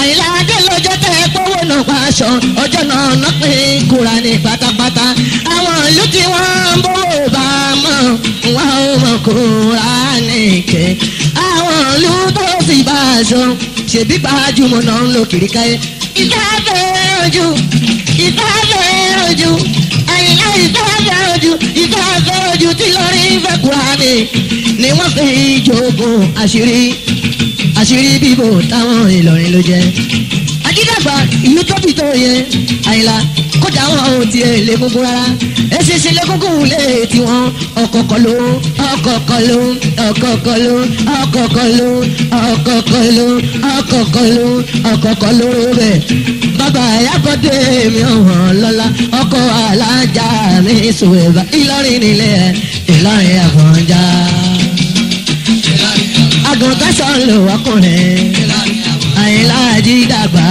Àyìnlá adé tẹ kówó náà pa aṣọ ọjọ́ náà nọ́pẹ́ kura ní pátápátá. Àwọn ìlú tí wọ́n ń bówó bá mọ̀ wá ó mọ̀ kúra nìkẹ́. Àwọn ìlú tó sì bá aṣọ ṣèbí gbajúmọ̀ náà ń lo kìrìkà yẹn. Ìtàfẹ́ ojú Ìtàfẹ́ ojú àyìnlá ìjọ àfẹ́rọ̀jù ìjọ àfẹ́rọ̀jù tí lọ́rin fẹ́ kúránì ni wọ́n fi ìjókòó àṣírí àṣírí bíbò táwọn Ìlọrin ló jẹ́. àdídàgbà ìlú tóbi tó yẹ àyìnlá kódà wọn ò tiẹ̀ lé kúkú rárá èsìsì lé kúkú lé tiwọn ọ̀kọ̀ọ̀kọ̀ ló ọ̀kọ̀ọ̀kọ̀ ló ọ̀kọ̀ọ̀kọ̀ ló ọ̀kọ̀ọ̀kọ̀ ló ọ̀kọ̀ọ̀kọ̀ ló ọ̀kọ̀ọ̀kọ̀ ló ọ̀kọ̀ọ̀kọ̀ ló rẹ̀ bàbá ìyábọ̀dé mi ò hàn lọ́la ọkọ alájà mi sùwèbà ìlọrin nílẹ̀ ìlọrin àfọ̀njá. àgùntàn sọ lò ọkùnrin àyìnlá àjídàgbà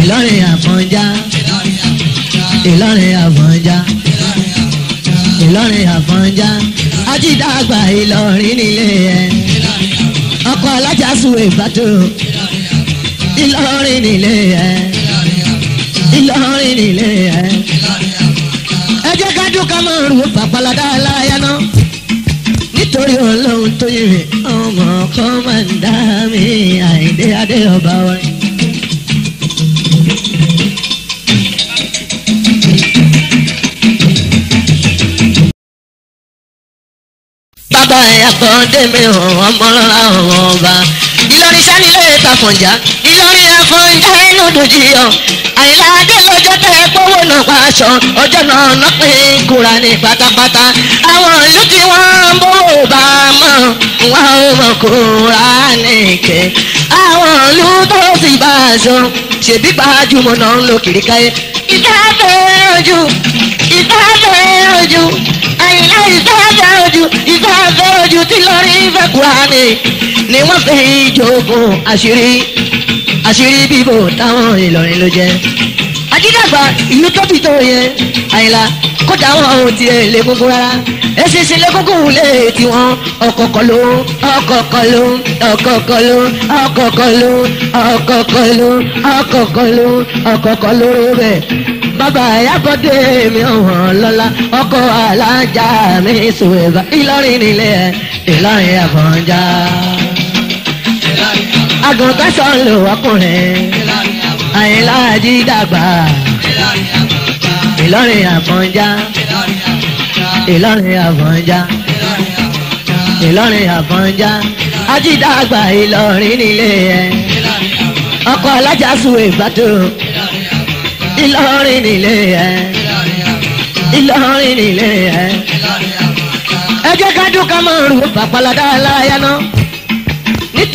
ìlọrin àfọ̀njá ìlọrin àfọ̀njá ìlọrin àfọ̀njá àjídàgbà ìlọrin nílẹ̀ ọkọ alájà sùwèbà tó. Ìlọrin nílé ẹ Ìlọrin nílé ẹ ẹ jẹ́ ká dún ká máa rú pàpàládà aláya náà nítorí ọlọ́run tó yẹrẹ ọmọ kan máa ń dá mi àìdé adé ọba wa. bàbá ẹ̀yà kan dé mi hàn ọmọ lọ́la ọ̀hún ọba Ìlọrin sanilé ìtàkùnjà ìṣẹ́yìn òdòjì ọ̀ àyìnlá adé lọ́jọ́ tẹ́ gbówó náà pa aṣọ ọjọ́ náà lọ́pẹ́ kura ní pátápátá àwọn ìlú tí wọ́n bó bá mọ̀ wọ́n ò mọ̀ kura nìkẹ́ àwọn ìlú tó sì bá a sọ ṣèbí gbajúmọ̀ náà ń lo kìrìkà yẹn ìdáfẹ́ ojú ìfẹ́ ojú àyìnlá ìfẹ́ ojú ìfẹ́ ojú tí lórí ìfẹ́ kúránì ni wọ́n fi jókòó àṣírí àṣírí bíbò táwọn Ìlọrin ló jẹ́ àdídàgbà ìlú tóbi tó yẹ àyìnlá kódà wọn ò tiẹ̀ lé gbogbo rárá èsì sí lé gbogbo tiwọn ọ̀kọ̀ọ̀kan ló ọ̀kọ̀ọ̀kan ló ọ̀kọ̀ọ̀kan ló ọ̀kọ̀ọ̀kan ló ọ̀kọ̀ọ̀kan ló ọ̀kọ̀ọ̀kan ló ọ̀kọ̀ọ̀kan ló rẹ̀ bàbá ayábọ̀dé mi ọ̀hún lọ́la ọkọ̀ alájà mi sùn ẹ̀bà ìlọrin nílẹ̀ ìlọrin àbọ̀njá. àgùntàn sọ̀rọ̀ ọkùnrin àyìnlá àdìdàgbà ìlọrin àfọ̀njá ìlọrin àfọ̀njá ìlọrin àfọ̀njá àdìdàgbà ìlọrin nílé ẹ ọkọ alájàsù ìbátò ìlọrin nílé ẹ ìlọrin nílé ẹ ẹ jẹ́ ká dún ká máa rú pàpàlà dáadáa yánnà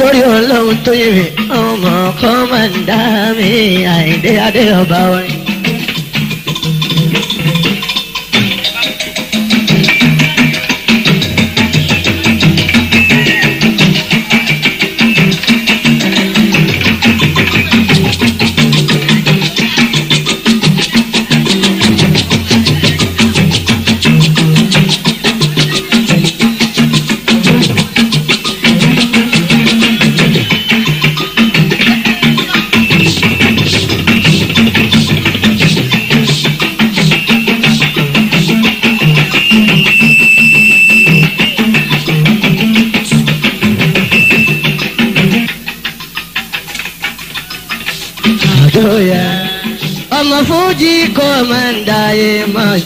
torí ọlọ́run tó yẹ mi ọmọ kọ́ máa ń dá mi àìdé adé wọn.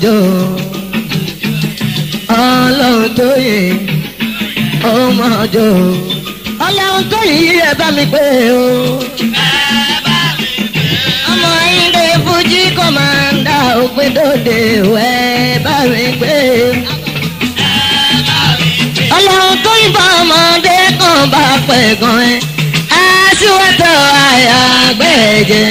àjò ọlọ́run tó yẹ ọmọ àjò ọlọ́run tó yẹ ẹ bá mi pé o. ọmọ ilé fújì kọ́mándà òpin dòde ẹ bá mi pé. ọlọ́run tó yìnbọn ọmọdé kan bá pẹ̀ gan ẹ aṣíwájú àyàgbẹ́ jẹ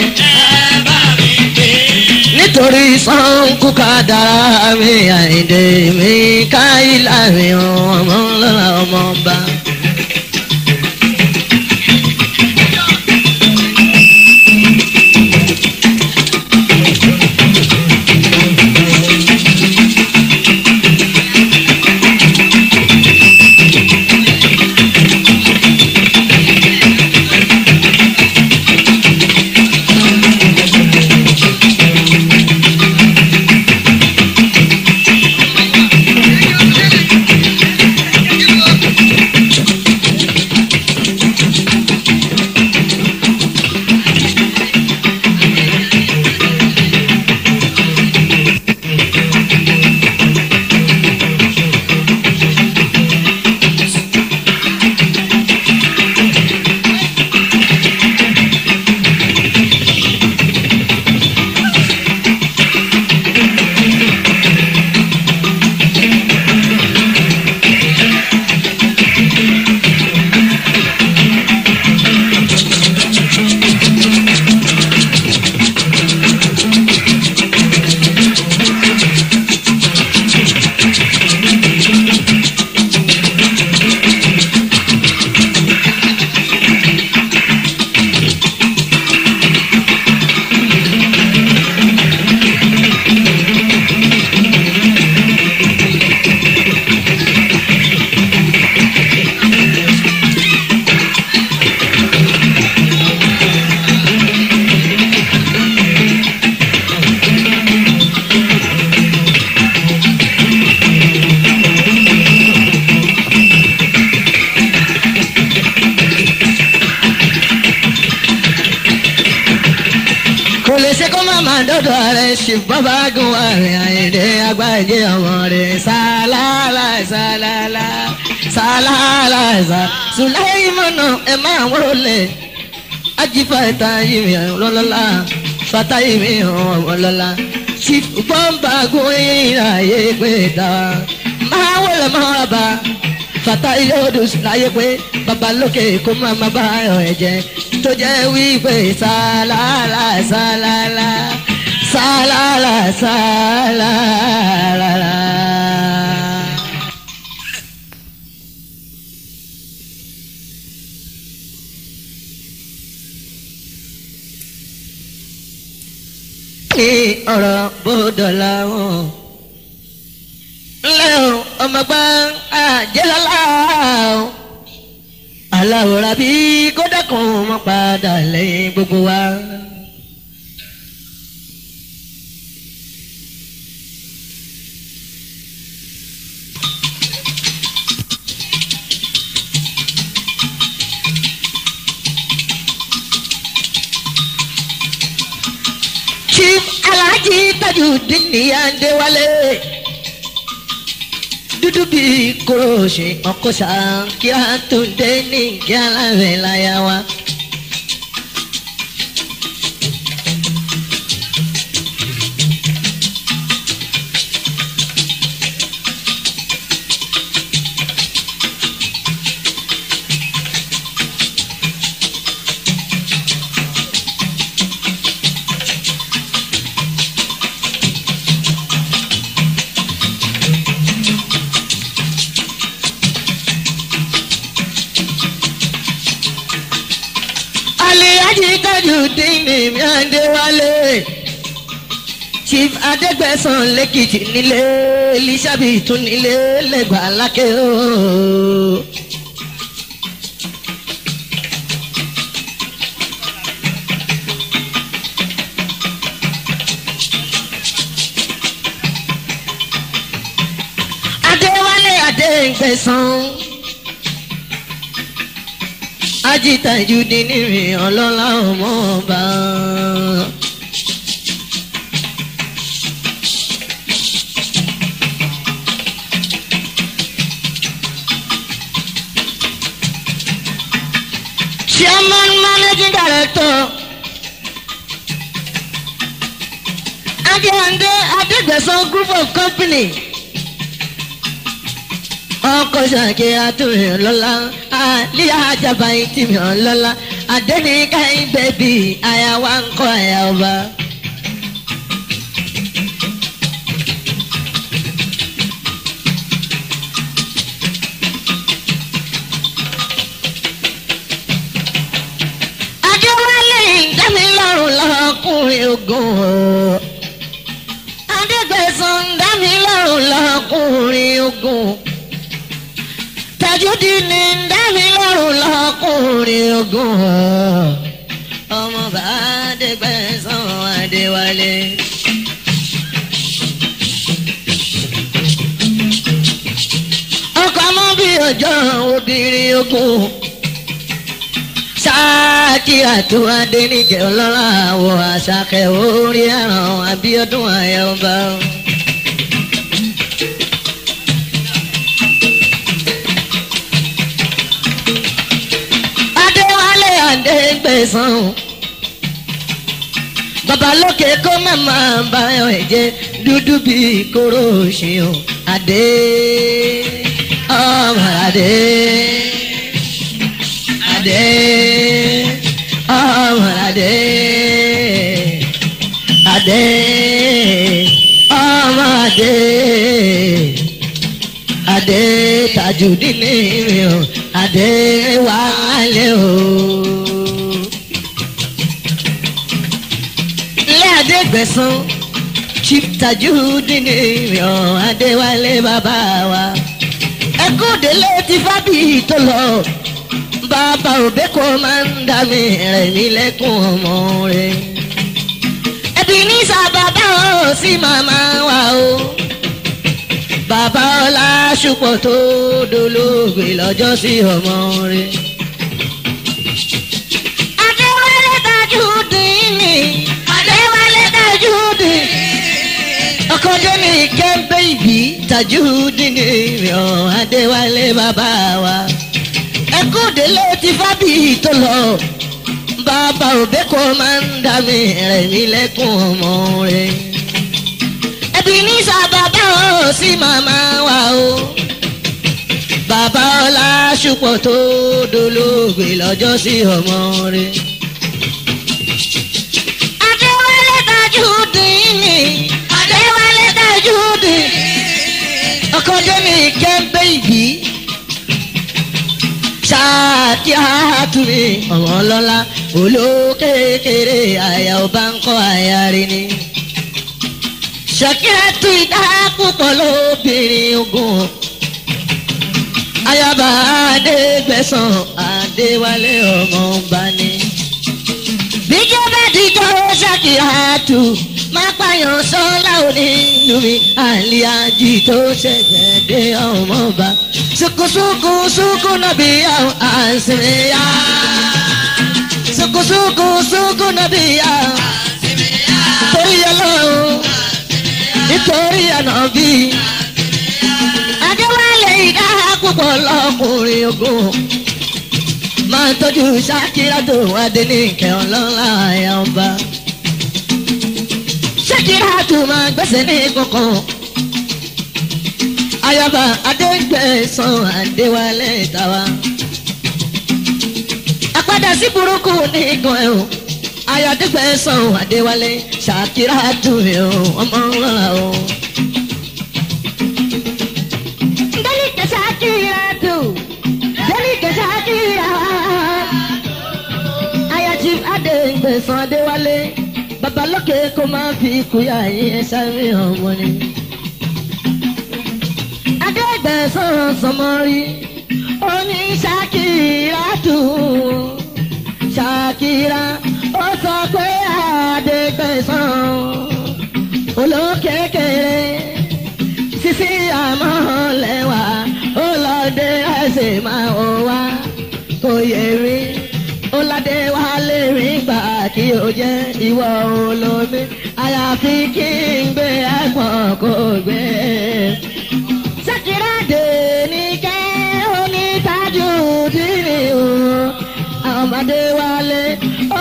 nítorí sáńkù kádàrá mi àìdè mi káyìlá mi ọmọ ńlá ọmọ ọba. ìmí hàn wọ́n lọ́la chief pọ́ńpàgùn ìrìnà ayé pé ta máa wọlé máa bá fata ilé odùs láyé pé babalókè kó máa máa bá ẹ̀rọ ẹ̀jẹ̀ tó jẹ́ wípé sálálà sálálà sálálà sálálà. ní ọ̀rọ̀ bódọ̀là wọn. ńlẹ́ o ọmọgbọ́n àjẹlọ́lá o aláwòrán bí kódà kan mọ́ padà lẹ́yìn gbogbo wa. Tajudeen ní Adéwálé dúdú bíi kòròṣì ọkọ̀ sáà kí á tó dé ní kí á láyà wa. adégbèsàn lẹ́kìtì nílé elisabi tún nílé lẹ́gbà lákè o. adéwálé adégbèsàn ajitaju dín ní mi ọlọ́lá ọmọ ọba. chairman managing director Adéhàndé Adégbèsán group of company ọkọ ṣàkè àtúnyẹ lọ́la àlíyá àjàbá ìtìmọ̀ gùn ọ́. adégbèsàn dámilọ́rùn lọ́kùnrin ogun. tajúdì ní dámilọ́rùn lọ́kùnrin ogun ọ́. ọmọ bá adégbèsàn adéwálé. ọkọ̀ mọ́ bí ọjọ́ obìnrin ogun kí àtúwá dé níjẹ́ ọlọ́lá àwọ̀ àṣàkẹ́ orí ẹ̀ràn Abíọ́dún àyẹ̀wò. Adéwálé àdégbèsán babalókè kó màmá báyọ̀ ẹ̀jẹ̀ dúdú bíi kóró ṣìyàn adé ọmọ adé adé ọmọ adé adé ọmọ adé adé Tajudeen mi o adé wálé o. ilé adé gbẹ̀san Chief Tajudeen mi o adé wálé bàbá wa ẹkún délé ti fábíyì tó lọ bàbá òbí kò máa ń dá mi rẹ̀ mí lẹ́kùn ọmọ rẹ̀. ẹbí ní sábàbá ò sí màmá wa o. bàbá ọlá ṣùpọ̀ tó dolóògbé lọ́jọ́ sí ọmọ rẹ̀. adéwálé Tajudeen ni adéwálé Tajudeen. ọkọjọ́ ni kẹ́ńbé ìbí Tajudeen ni adéwálé bàbá wa. Ògúndélé ti fábì tó lọ bàbá òbẹ kò máa ń dà mí rẹ nílẹ̀kùn ọmọ rẹ. ẹbí ní sábàbá sí màmá wa o bàbá ọlá ṣùpọ̀ tó dolóògbé lọ́jọ́ sí ọmọ rẹ. Adéwálé Tajudeen ni Adéwálé Tajudeen ọkọ̀ jẹ́ mi gẹ́gbẹ́ ìbí ṣáàkì àtúnmí ọ̀wọ́n lọ́la olókèkèrè àyà ọba ń kọ́ àyà rẹ ni. ṣàkíyàtú ìdákùpọ̀ lóbìnrin ogun ayaba adégbèsàn adéwálé ọmọ ọba ni. bíjọba dìjọ ṣàkíyàtú máa pààyàn sọ́lá òní lùmí àlíyájí tó ṣẹ̀ṣẹ̀ dé ọmọ ọba suku suku suku nabi asimiya suku suku suku nabi asimiya torí Ọlọ́run nítorí nabi. adéwálé ìdá púpọ̀ lọ́kùnrin ogun máa tọ́jú ṣákírá tó adé ní ìkẹyàn lọ́la àyànbá ṣákírá tó máa gbẹ́sẹ̀ ní kọ̀ọ̀kan ayaba adégbèsán adéwálé tàwa. àpadà sí burúkú nìkan ẹ̀ o ayọ̀dẹ́gbẹ̀sán adéwálé ṣàkírà dùn ẹ̀ o ọmọ ńlá o. délìkẹ́ ṣàkírà dùn délìkẹ́ ṣàkírà ayọ̀tí adégbèsán adéwálé babalókè kó máa fi kúyà yín ẹ sáré ọmọ ni tẹ̀sán sọmọrí ó ní Ṣakira dùn Ṣakira ó sọ pé àdégbèsán olókèkèrè sísí àmọ́ lẹ́wà ó lọ dé ẹsẹ̀ máa ń wá kò yẹ rí ó ládé wá lè rí gbà kí o jẹ́ ìwọ olómi àyàfi kí n gbé ẹ̀pọ̀n kò gbé. Adéwálé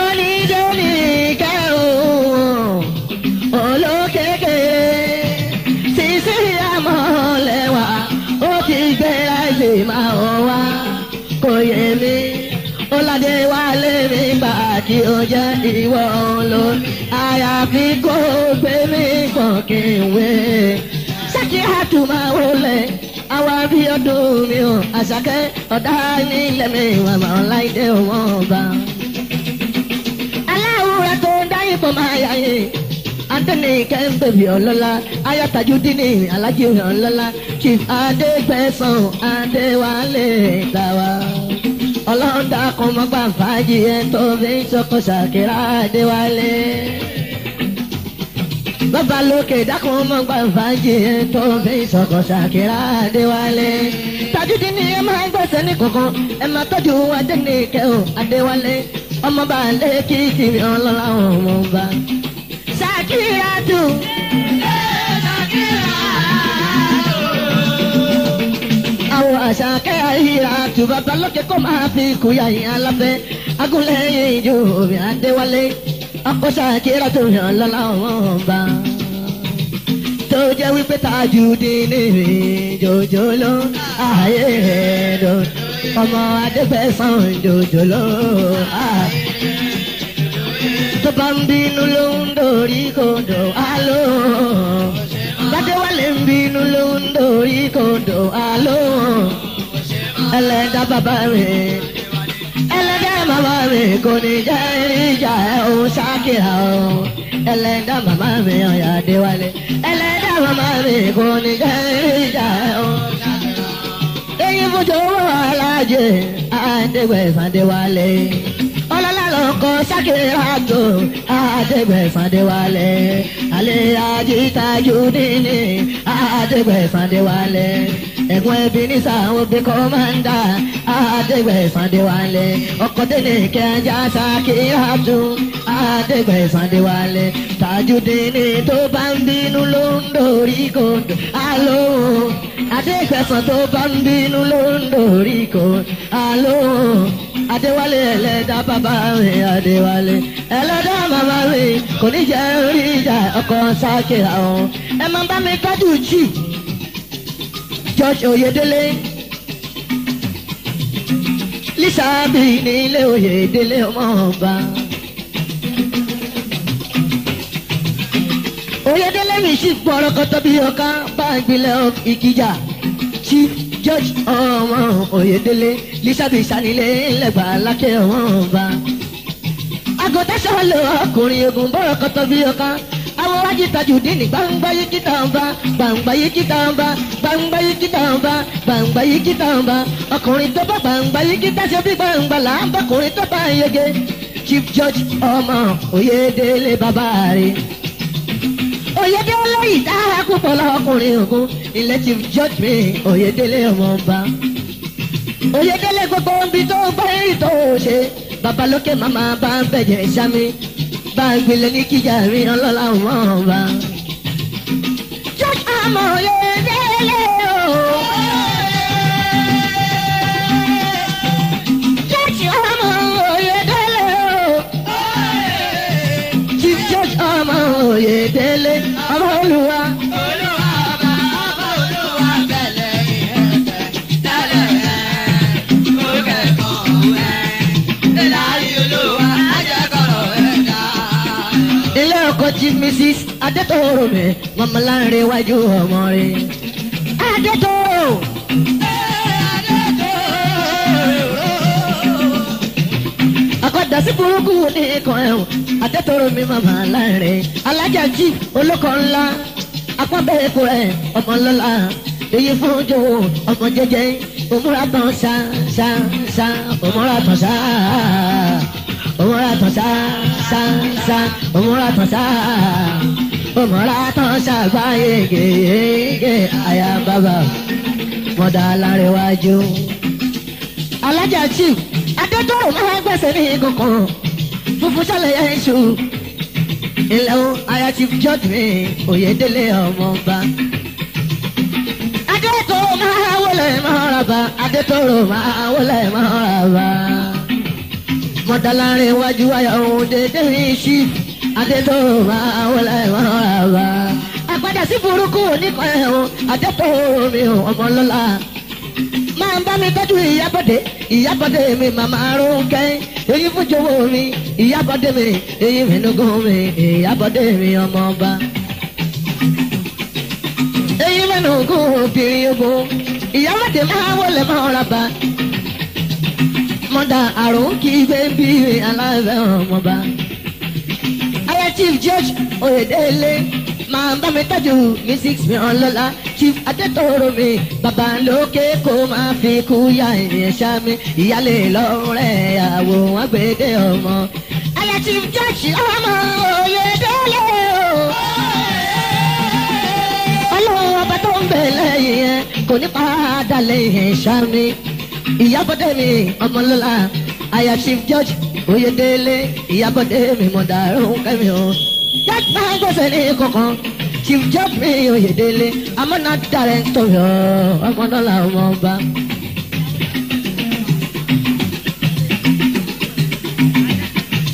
onídóní kẹ́ o olókèké sísí àmọ́lẹ́wà ó ti gbé láìsè máa ọ wá kò yé mi ó ládéwálé nígbà tí ó jẹ́ ìwọ ló àyàfi kó gbé mi kàn kí n wé ṣé kí a tún máa wọlé bí ọdún mi ò àṣàkẹ́ ọ̀dá ní ilẹ̀ mi wà máa ń láìdé wọn ọba. aláwùrẹ́ tó ń dáyé pọ̀ máa yà yé antoni kẹ́ńbẹ̀bì ọlọ́lá ayatajudini alájí ọlọ́lá chief adégbẹ̀sán adéwálé tàwa ọlọ́dà kọ́mọ́gbà fàájì ẹ̀ tó fi ń sọkọ ṣàkírà adéwálé bàbá lókè dákun mọ́ gbà fàájì ẹ̀ tó fi sọ̀kọ̀ ṣàkírà Adéwálé. Tajúdí ni ẹ máa ń gbẹ̀sẹ̀ ní kọ̀ọ̀kan ẹ máa tọ́jú Adéníkẹ́ o Adéwálé ọmọba lẹ́kì kiri ọlọ́lá ọmọba. Ṣàkírà dùn. àwọn àṣà kẹ́yà ìhìrà tù bàbá lókè máa fi kúyà yìí aláfẹ́ agúnlẹ̀ yìí ju òbí Adéwálé kira tu dùn ọlọ́lá ọmọba tó jẹ́ wípé Tajudeen mi jòjòló ààyè rẹ̀ lọ ọmọ adégbèsàn jòjòló ààyè tó bá ń bínú ló ń dorí kodò àlò gbadéwálé ń bínú ló ń dorí kodò àlò ẹlẹ́dá bàbá rẹ̀ ẹlẹ́dá màmá mi kò ní jẹ́ ìjà ẹ̀ òun ṣáàkì àwọn ẹlẹ́dá màmá mi ọ̀yà déwálé ẹlẹ́dá mi kò ní jẹ́ ìjà o. Eyín fújọ wọ alájẹ àdégbẹ̀ Sàndéwálé. Ọlọ́lá ló kọ sákìrì àjò àdégbẹ̀ Sàndéwálé. Àlẹ́ àjítàjú nínú àdégbẹ̀ Sàndéwálé ẹ̀gbọ́n ẹbí ní sàwọn bí kọ́mándà àdégbẹ̀ Sàndéwálé. Ọkọ̀ délé kẹjá sákìrì àjò adégbè Sàndéwálé Tajudeen tó bá ń bínú ló ń dorí kodò alo adégbèsàn tó bá ń bínú ló ń dorí kodò alo adéwálé ẹlẹ́dá bàbá mi adéwálé ẹlẹ́dá màmá mi kò ní jẹ́ rí ìjà ọkọ̀ sáàkì àwọn ẹ máa bá mi tọ́jú jì George Oyedele, lisa bíi nílé Oyèdélé ọmọ ọba. oyedele yusuf gbọ́rọ̀ kọ́tọ́ bí ọ̀ká bá ìpínlẹ̀ ìkìjà tí george ọmọ oyedele elizabeth sanilé ńlẹ̀gbà lákẹ́ ọmọ ọba. àgọ́tà sọ́wọ́lẹ̀ ọkùnrin ogun bọ́rọ̀ kọ́tọ́ bí ọ̀ká àwọn wájú tajùdín ní gbangba yìí kíta ọba gbangba yìí kíta ọba gbangba yìí kíta ọba gbangba yìí kíta ọba ọkùnrin tó bá gbangba yìí kíta ṣe bí gbangba là ń tó bá yege chief george ọmọ oyedele bàbá rẹ̀. Oyèdélé ìdára púpọ̀ lọ́kùnrin ògún elective judge mi Oyèdélé ọmọọba. Oyèdélé gbogbo ibi tó bá rìn tó ṣe babalókè màmá bá ń bẹ̀jẹ̀ sámi bá ń gbélé ní kíjà rí ọlọ́lá ọmọọba. Judge Amoye. Alhaji Mrs. Adétòrò mi mama láńre wájú ọmọ rẹ. Adétòrò. àkọ́dàsí burúkú ní ikọ̀ ẹ̀wọ̀n Adétòrò mi mama láńre alájà jí olóko ńlá apábẹ́ ikọ̀ ẹ̀ ọmọ lọ́la èyí fún jò ọmọ jẹjẹ òmùra tán ṣá ṣá ṣá òmùra tán ṣá òun ra tán sá sá sá òun ra tán sá òun ra tán sá gbá yege yege àyà bàbà mọ̀dà alárẹ̀wájú. alájà chief adétòrò máa gbèsè ní kankan funfun sálẹ̀ yẹn ṣù ilẹ̀ o aya chief judge mi Oyèdélé ọmọọba adétòrò máa wọlé máa rà bá adétòrò máa wọlé máa rà bá mọ̀tàlárin iwájú ayọ̀ òun dédé iṣí adétò máa wọlé ìwọ̀n àbá. àpàdà sí burúkú oníkan ẹ̀hún àjẹpọ̀ omi ọmọ lọ́la. máa ń bá mi tọ́jú ìyábọ̀dé ìyábọ̀dé mi màmá Rónkẹ́ èyí fún jọ̀wọ́ mi ìyábọ̀dé mi èyí mẹ́nugún mi ìyábọ̀dé mi ọmọ ọba. èyí mẹ́nugún obìnrin ogun ìyábọ̀dé máa wọlé máa rà bá mother Aronki baby aláàbẹ̀ ọmọba. Aya Chief George Oyèdélé máa bá mi tọ́jú music mi ọlọ́lá Chief Adétòrò mi bàbá lókè kó máa fi kú ya ìyẹn ṣámi ìyálé lọ́rẹ̀ àwò wọn gbèdé ọmọ. Aya Chief George ọmọ Oyedele, o. Ọlọ́run ọba tó ń bẹ̀ lẹ́yìn ẹ̀ kò ní padà lẹ́yìn ṣámi. ìyábọ̀dé mi ọmọlọ́lá aya chief george oyedele ìyábọ̀dé mi mọ̀dàrún kẹ́mi o yàtà gbèsè ní kọ̀kan chief george mi oyedele amọ̀nà dàrẹ́ ntọ́yọ̀ ọmọlọ́lá ọmọọba.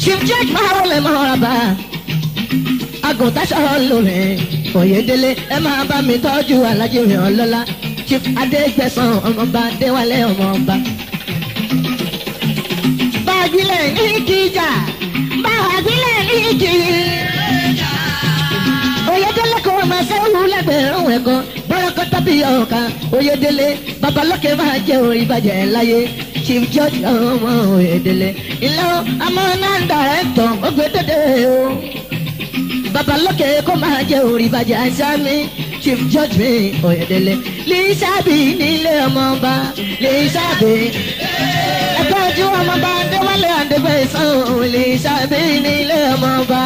chief george máa wọlé máa rà bá àgùntàn sọ̀rọ̀ lómi oyedele ẹ máa bá mi tọ́jú alájí mi ọlọ́lá. chief adégbèsán ọmọọba adéwálé ọmọọba. bàgílẹ̀ ní kìjà bàgílẹ̀ ní kìjà. oyedele kò wọ́n máa sẹ́wù lẹ́gbẹ̀rún ẹ̀kọ́ bọ́lọ́kọ́ tàbí ọ̀ka oyedele babalókè máa jẹ́ orí bàjẹ́ láyé chief george ọmọ oyedele ilé ọmọ náà ń dà ẹ̀ tán o babalókè kó máa jẹ́ orí bàjẹ́ àṣà mi chief judge mi Oyèdélé Lísàbí nílé ọmọọba Lísàbí ẹgbẹ́ ojú ọmọọba Adéwálé Adégbèsán Lísàbí nílé ọmọọba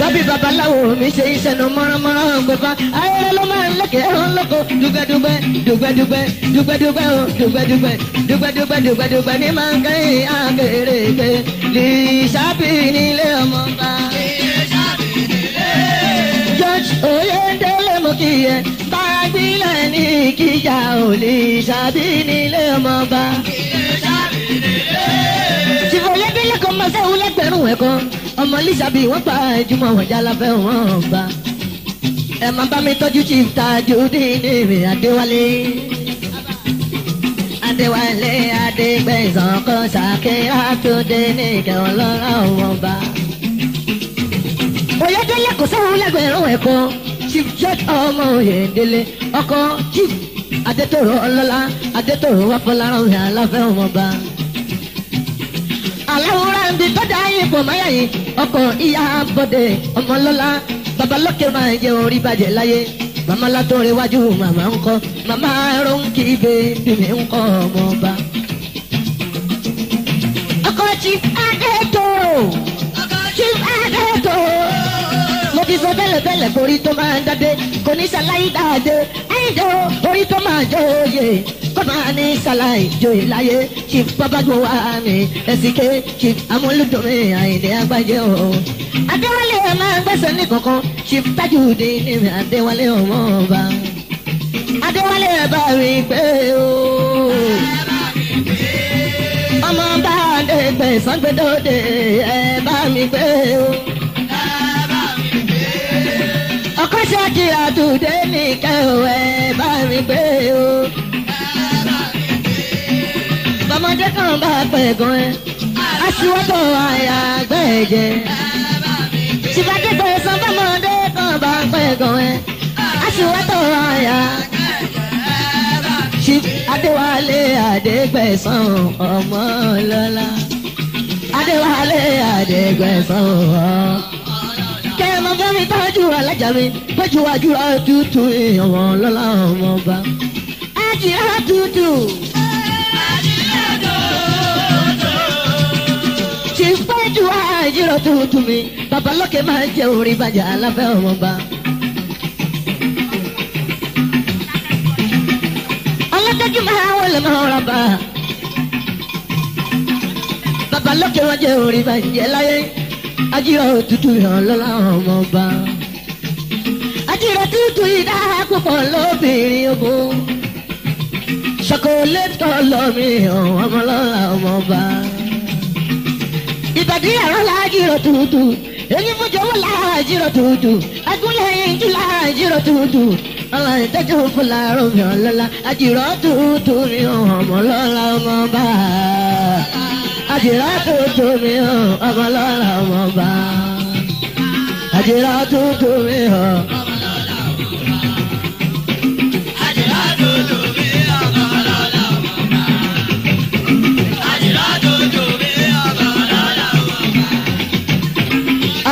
babi babaláwo mi ṣe iṣẹ́ nu mọ́ránmọ́rán gbẹ̀fà ayẹyẹ ló máa ń lókè ẹ̀hún lóko dùgbẹ́dùgbẹ́ dùgbẹ́dùgbẹ́ dùgbẹ́dùgbẹ́ o dùgbẹ́dùgbẹ́ dùgbẹ́dùgbẹ́ dùgbẹ́dùgbẹ́ ní máa ń kẹ́yìn àkèrè gbé lè ṣàbí nílé ọmọ bá. mo kì í yẹ. Bábílẹ̀ ní kíjà ò lè ṣàbí nílé ọmọ bá. Tìfọ̀lẹ́dẹ́lẹ́ kan máa sẹ́wọ́n lẹ́gbẹ̀rún ẹ̀kọ́. Ọmọ Lísàbí wọ́n pa ìjùmọ̀ wọ̀n jálafẹ́ wọn bá. Ẹ máa bá mi tọ́jú Chief Tajudeen Ire Adéwálé. Adéwálé Adégbèsàn kan ṣàkíyà tó dé ní ìkẹwọ́n lọ́rọ̀ wọn bá. Òyẹ́dẹ́lẹ́ kò sẹ́wọ́n lẹ́gbẹ̀rún ẹ̀kọ́. chief jack ọmọ ya ọkọ chief adétòrò ọlọ́lá adétòrò wàfọlárànwé aláfẹ́ ọmọba. aláwòrán ibi tọ́jà yìí máyà yìí ọkọ ìyá bọ́dẹ ọmọlọ́lá babalókè máa ń jẹ orí bàjẹ́ láyé màmá látọ̀rẹ́ wájú màmá ń kọ́ màmá ń kọ́ ọmọba. ọkọ chief adétòrò. fífẹ́ bẹ́lẹ̀bẹ́lẹ̀ borí tó máa ń dádé kò ní ṣàlàyé dáadé ẹ̀yìn jẹ́ orí tó máa jẹ́ òye kó máa ní ṣàlàyé jò ìláyé kí bábágbó wá mi ẹ̀sìnké kí amúlùdùnmí àìní agbájẹ́ o. adéwálé ẹ máa ń gbẹ̀sẹ̀ ní kankan kí Tajudeen ní mi adéwálé ọmọ ọba adéwálé ẹ bá rí pé o ọmọ bá dé pẹ̀ sọ́gbẹ́dọ́dẹ ẹ bá mi pé o. ṣàkì àtúndé nìkẹ́ ò ẹ bá mi gbé o. bọ́mọdé kan bá pẹ̀ gan ẹ aṣíwọ́tò àyà àgbẹ̀ jẹ. ṣìbàdí pé san bọ́mọdé kan bá pẹ̀ gan ẹ aṣíwọ́tò àyà. Adéwálé Adégbẹ̀san ọmọ ọlọ́lá Adéwálé Adégbẹ̀san ọmọ ọlọ́lá tọ́jú alájà mi péjú àjùrà tútù ìyànwọ́ lọ́la ọmọ ọba. àjùrà tútù. ti péjú àjùrà tútù mi babalókè máa ń jẹ orin bàjẹ́ alábẹ́ ọmọ ọba. ọlọ́dẹ́jú máa wọlé máa rà bá. babalókè wọ́n jẹ orin bàjẹ́ láyé. Ajira tutu yàn lọ́la ọmọ ọba. ajíra tútù ìdá púpọ̀ lóbìnrin ogun. ṣokolétọ̀ lọ́mí ọ̀hún ọmọlọ́la ọmọ ọba. ìbàdí ẹ̀rọ la ajira tutu, èyí fúnjọ wọ́n la ajira tutu, agúnlẹ̀ ìjú la ajira tutu, ọlọ ìtẹ́jú fúnla rògbìn ọ̀lọ́la ajíra tútù mi ọ̀hún ọmọlọ́la ọmọ ọba àjìrá tó tómi hàn oh, ọmọ lọ́la ọmọ bá. àjìrá tó tómi hàn. Oh, àjìrá tó tómi hàn ọmọ lọ́la ọmọ bá. àjìrá tó tómi hàn oh, ọmọ lọ́la ọmọ bá.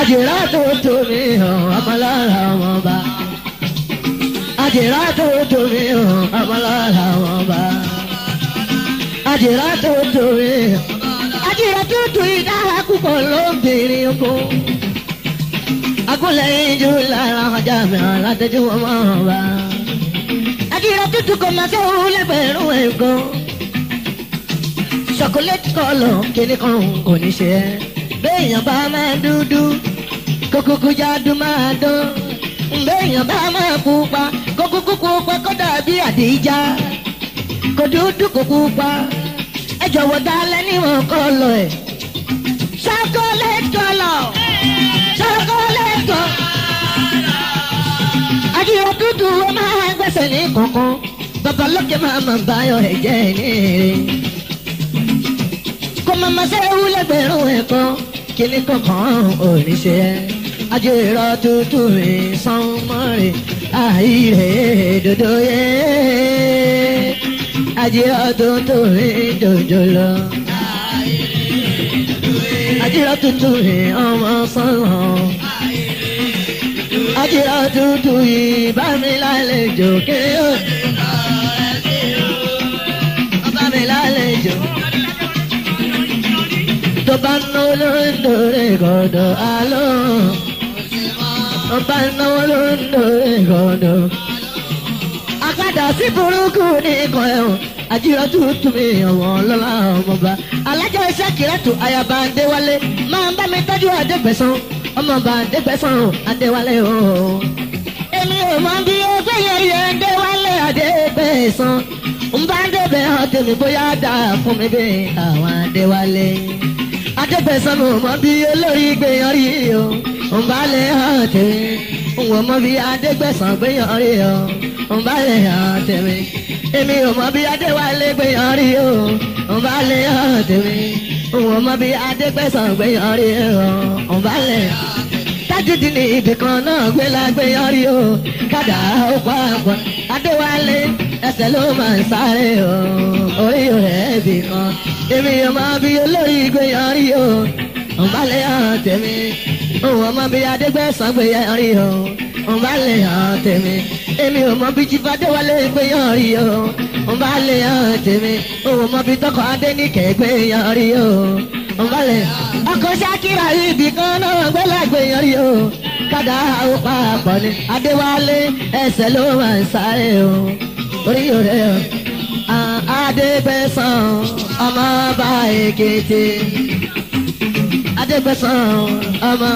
àjìrá tó tómi hàn ọmọ lọ́la ọmọ bá. àjìrá tó mi. hàn ọmọ ọmọ bá. àjìrá tó tómi hàn tútù ìdára púpọ̀ ló ń bèrè oko. Agúnlẹ̀ ìjú lára ọjà mìíràn látẹ̀jú ọmọ ọba. Àdìrà tútù kò máa sẹ́wọ́n lẹ́gbẹ̀rún Chocolate kọlọ̀ kini kan kò ní ṣe dudu, Béèyàn bá mado. dúdú, kókókó jáde máa dán. Béèyàn bá máa pupa, kókókó pupa jọ̀wọ́ dálẹ́ níwọ̀n kọlọ̀ ẹ̀. chocolate kọlọ̀ chocolate kọlọ̀. àdìyẹ dúdú wọn máa ń gbẹ̀sẹ̀ ní kọ̀ọ̀kan babalókè máa máa báyọ̀ ẹ̀jẹ̀ ní èrè. kò máa máa ṣe wúlẹ̀gbẹ̀rún ẹ̀kọ́ kíní kankan ò ní ṣe é. àjèrò tuntun rè sánmọ́ àìrè dòdò yẹn ajé ọdún tó rí dòjò lọ. Àjírá tuntun yìí ọmọ sọ́run. Àjírá tuntun yìí bá mi lálejò kéèyàn. Bá mi lálejò. Tó bá náwó lórí dòrè gọ̀dọ̀ àlọ́. Tó bá náwó àjíròtú tùmí ọ̀wọ́ lọ́la ọmọba alájà iṣẹ́ kìrẹ́tù ayaba adéwálé máa ń bá mi tọ́jú adégbèsán ọmọọba adégbèsán adéwálé o. èmi ò mọ bí ó fẹ́ yẹrí adéwálé adégbèsán ń bá débẹ̀ ọtí mi bóyá dáa fún mi bí àwọn adéwálé adégbèsán ò mọ bí olórí gbéyànjú o ń bá lè hàn tèmi ń wò mọ bí adégbèsán gbéyànjú o ń bá lè hàn tèmi èmi ò mọ bí adéwálé gbé rí o ń bá lè hàn tèmi òun ò mọ bí adégbèsàn gbé yan rí o ń bá lè hàn tajidi ni ibìkan náà gbé lágbé yan rí o kádà ó pa àpọ̀ adéwálé ẹsẹ̀ ló máa ń sáré o orí rẹ̀ ibìkan èmi ò mọ bí olórí gbé rí o ń bá òun mọ bí adégbèsàn gbé rí o ń bá èmi ò mọ bí jífa déwálé gbéyàn rí o ń bá lè hàn tèmi òun mọ bí tọkọ adéníkẹ́ gbéyàn rí o ń bá lè. ọkọ ṣakira ibì kan náà gbẹ́lá gbéyàn rí o kádà ó papọ̀ ni adéwálé ẹsẹ̀ ló máa ń sáré o orí òde o. adébẹ̀sán ọmọ bá èkìtì adébẹ̀sán ọmọ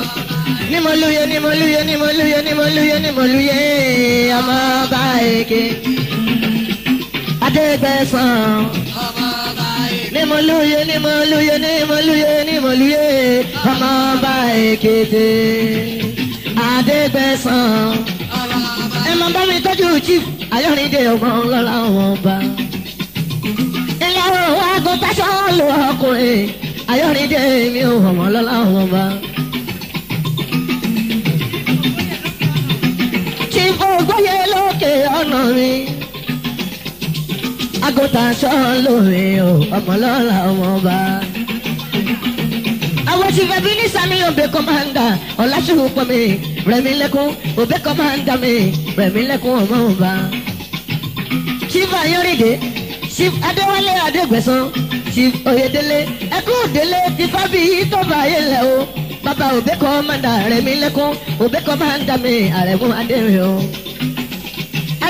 ni mo luye ni mo luye ni mo luye ni mo luye ni mo luye ọmọ ọba èké adégbèsàn ni mo luye ni mo luye ni mo luye ni mo bá mi tọ́jú chief ayọ̀rìndé ọmọ ọlọ́lá wọn bá ìyàwó àgùntàn sọ́ọ́ lu ọkùnrin ayọ̀rìndé mi ò wọ̀mọ́ lọ́lá wọn bá. lókè ọ̀nà mi. Àgùntàn aṣọ lómi o, ọmọ lọ́la ọmọ ọba. Àwọn ti fẹ́ bí ní sami òbí kọ́máńdà, ọ̀làṣùpọ̀ mi, rẹ̀mí lẹ́kún, òbí kọ́máńdà mi, rẹ̀mí lẹ́kún ọmọ ọba. Chief Ayoride, Chief Adéwálé Adégbèsán, Chief Oyèdélé, ẹkú òdélé ti fábí tọ́ba ayé lẹ̀ o. Bàbá òbí kọ́máńdà rẹ̀mí lẹ́kún, òbí kọ́máńdà mi, àrẹ̀mú adé o.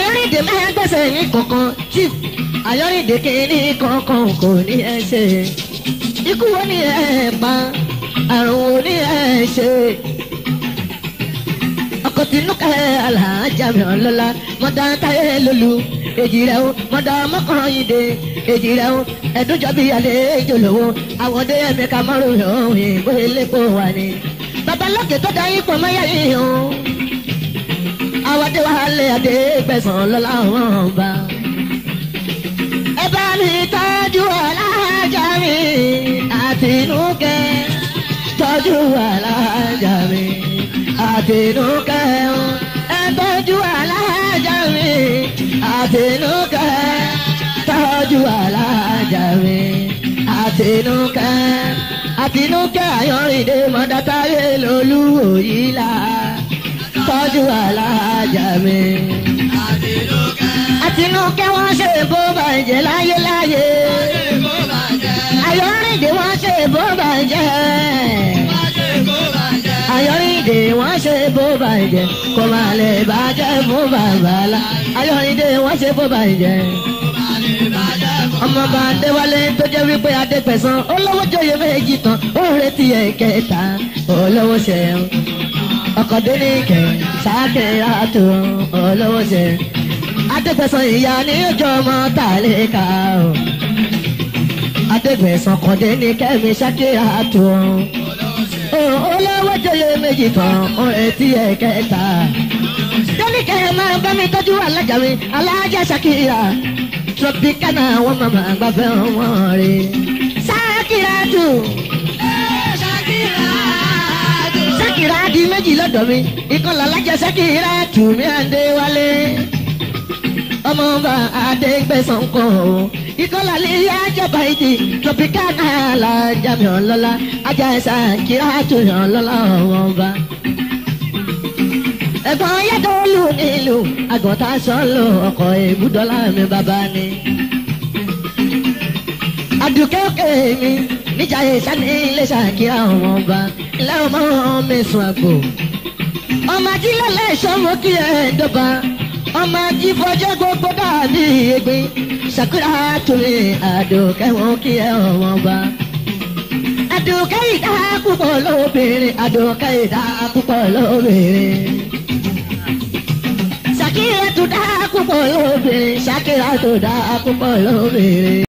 Ayọ̀rìndé máa gbèsè ní kankan chief Ayọ̀rìndé kìíní kankan kò ní ẹ ṣe ikú wo ni ẹ pa àrùn wo ni ẹ ṣe ọkọ̀ tìǹkà alájà mi ọlọ́lá mọ́tà táyé lólu èjì rẹ̀ o mọ́tà mọ́kànlélẹ́ èjì rẹ̀ o ẹ̀dúnjọ́bí àlejò lówó àwọ̀dé ẹ̀mí ká mọ́rùn-ún òyìnbó elépo wà ní. babalókè tó dá yín pọ̀ mọ́yá yìí o àwọ̀dé wàhálà àdé gbẹ̀sán lọ́la wọn bá. ẹ bá mi tọ́jú alájà mi àtinúkẹ́ tọ́jú alájà mi àtinúkẹ́ ẹ tọ́jú alájà mi àtinúkẹ́ tọ́jú alájà mi àtinúkẹ́ àtinúkẹ́ àyọ̀rìndé mọ́dátayé lolúwo yìí tọ́jú alájà mi. Àtinúkẹ́ wọ́n ṣe bó bàjẹ́ láyé láyé. Ayọ̀rìndé wọ́n ṣe bó bàjẹ́. Ayọ̀rìndé wọ́n ṣe bó bàjẹ́. Kò má lè bàjẹ́ fún bàbá la. Ayọ̀rìndé wọ́n ṣe bó bàjẹ́. Ọmọọba Adéwálé tó jẹ́ wípé Adépẹ̀sán olówó jòyè méjì tán ó retí ẹ̀kẹta olówó ṣẹ̀yìn ọkọ̀dúnníkẹ̀ sákìrìàtò olówóṣe adégbèsàn ìyá ní ìjọ ọmọ tàlíkà o adégbèsàn ọkọ̀dúnníkẹ̀ mi sákìrìàtò olówó jẹyẹ méjì kan ó etí ẹ̀ kẹta dẹ́nìkẹ́ máa bá mi tọ́jú alájà mi alájà tropicana wọn máa gbàgbẹ́ wọn rí sákìrìàtò. ìrà di méjì lọ́dọ̀ mi ìkọlà lájẹsẹ́kì ìrà tù mí àdé wálé ọmọọba adégbèsàn kan o ìkọlà ní ajọba ìdí tropicana alájàmì ọlọ́lá ajá ẹ̀sà kíra tù yàn lọ́lá ọmọọba. ẹ̀gbọ́n yàtọ̀ lù nílùú àgọ́ta sọ́ọ̀lù ọkọ̀ èbúdọ́lá mi bàbá ni. àdùkẹ́ òkè mi níjà ìsánilé ṣàkíyà ọmọọba láwọn ọmọ mẹsùn àgbò. ọmọ ajílẹ̀lẹ̀ ìṣòro kí ẹ dọ́gba ọmọ ajífọ́jọ́ gbogbo dàbí egbin ṣàkúrà torí àdùnkẹ́ wọn kí ẹ ọ̀wọ́n bá. àdùnkẹ́ ìdá púpọ̀ lóbìnrin àdùnkẹ́ ìdá púpọ̀ lóbìnrin. ṣàkíyà tó dá púpọ̀ lóbìnrin ṣàkíyà tó dá púpọ̀ lóbìnrin.